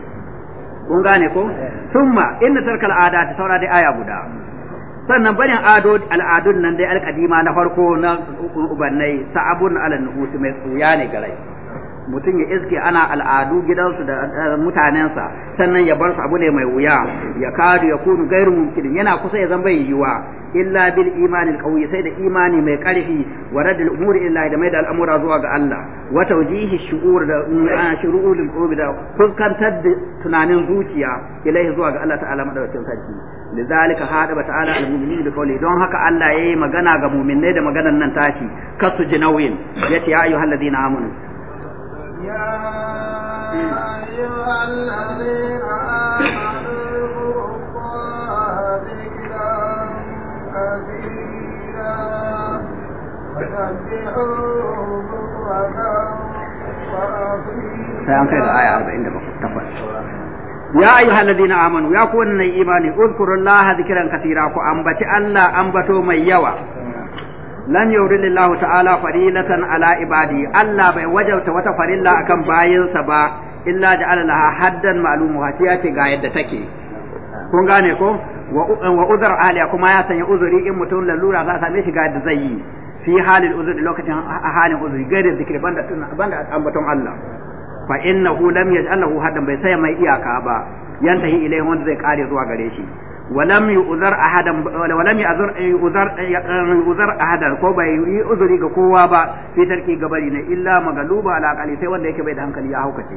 kun gane ko thumma inna tarkal adati saura da aya guda sannan barin ado al'adun nan dai alƙadima na farko na ubannai sa'abun ala nuhusu mai tsuya ne garai mutum ya iske ana al'adu gidansu da mutanensa sannan ya bar su abu ne mai wuya ya kadu ya kunu gairu mumkin yana kusa ya zama bai yiwa illa bil imani alqawi sai da imani mai karfi wa radul umuri illa da mai da al'amura zuwa ga Allah wa tawjihi shu'ur da shuru'ul qulub da kan da tunanin zuciya ilaihi zuwa ga Allah ta'ala madaukakin sarki lidhalika hadaba ta'ala almu'minin bi qawli don haka Allah yayi magana ga mu'minai da maganan nan tashi kasu jinawin yace ya ayyuhal ladina amanu ya ayyuhal ladina amanu sai an 47 ya ayyuha na amanu ya kowanne wannan imani udkurullaha dhikran katira ku ambaci Allah ambato mai yawa lan yuridillahu ta'ala farilatan ala ibadi Allah bai wajauta wata farilla akan bayinsa ba illa ja'ala laha haddan ma'lumu hasiya ce ga yadda take kun gane ko wa uzur ahliya kuma ya sanya uzuri in mutum lalura za same shi ga zai yi fi halin uzuri lokacin halin uzuri gairi zikir banda ambaton Allah fa innahu lam yaj'alahu hadan bai saya mai iyaka ba yantahi ilayhi wanda zai kare zuwa gare shi ولم يؤذر احدا ولم يؤذر يؤذر يؤذر احدا ko bai yi uzuri ga kowa ba fi tarki gabari ne illa magaluba ala qali sai wanda yake bai da hankali ya haukace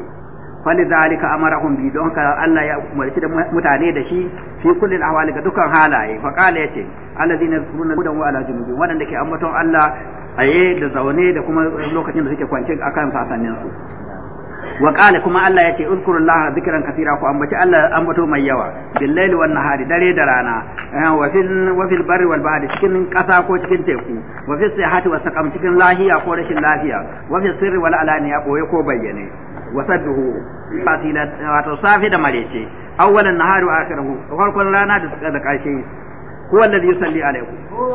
zalika amarahum bi don ka Allah ya umarci da mutane da shi fi kullil ahwali ga dukkan halaye fa qala yace allazina yazkuruna hudan wa ala jumbi wanda ke ambaton Allah aye da zaune da kuma lokacin da suke kwance akan sasannin su wa kuma Allah yace uzkurullaha dhikran kathira ku ambaci Allah ambato mai yawa bil nahari dare da rana eh, wa fil kasa ko cikin teku wa fil sihhati wa ko rashin lafiya wa ko bayyane wa sadduhu da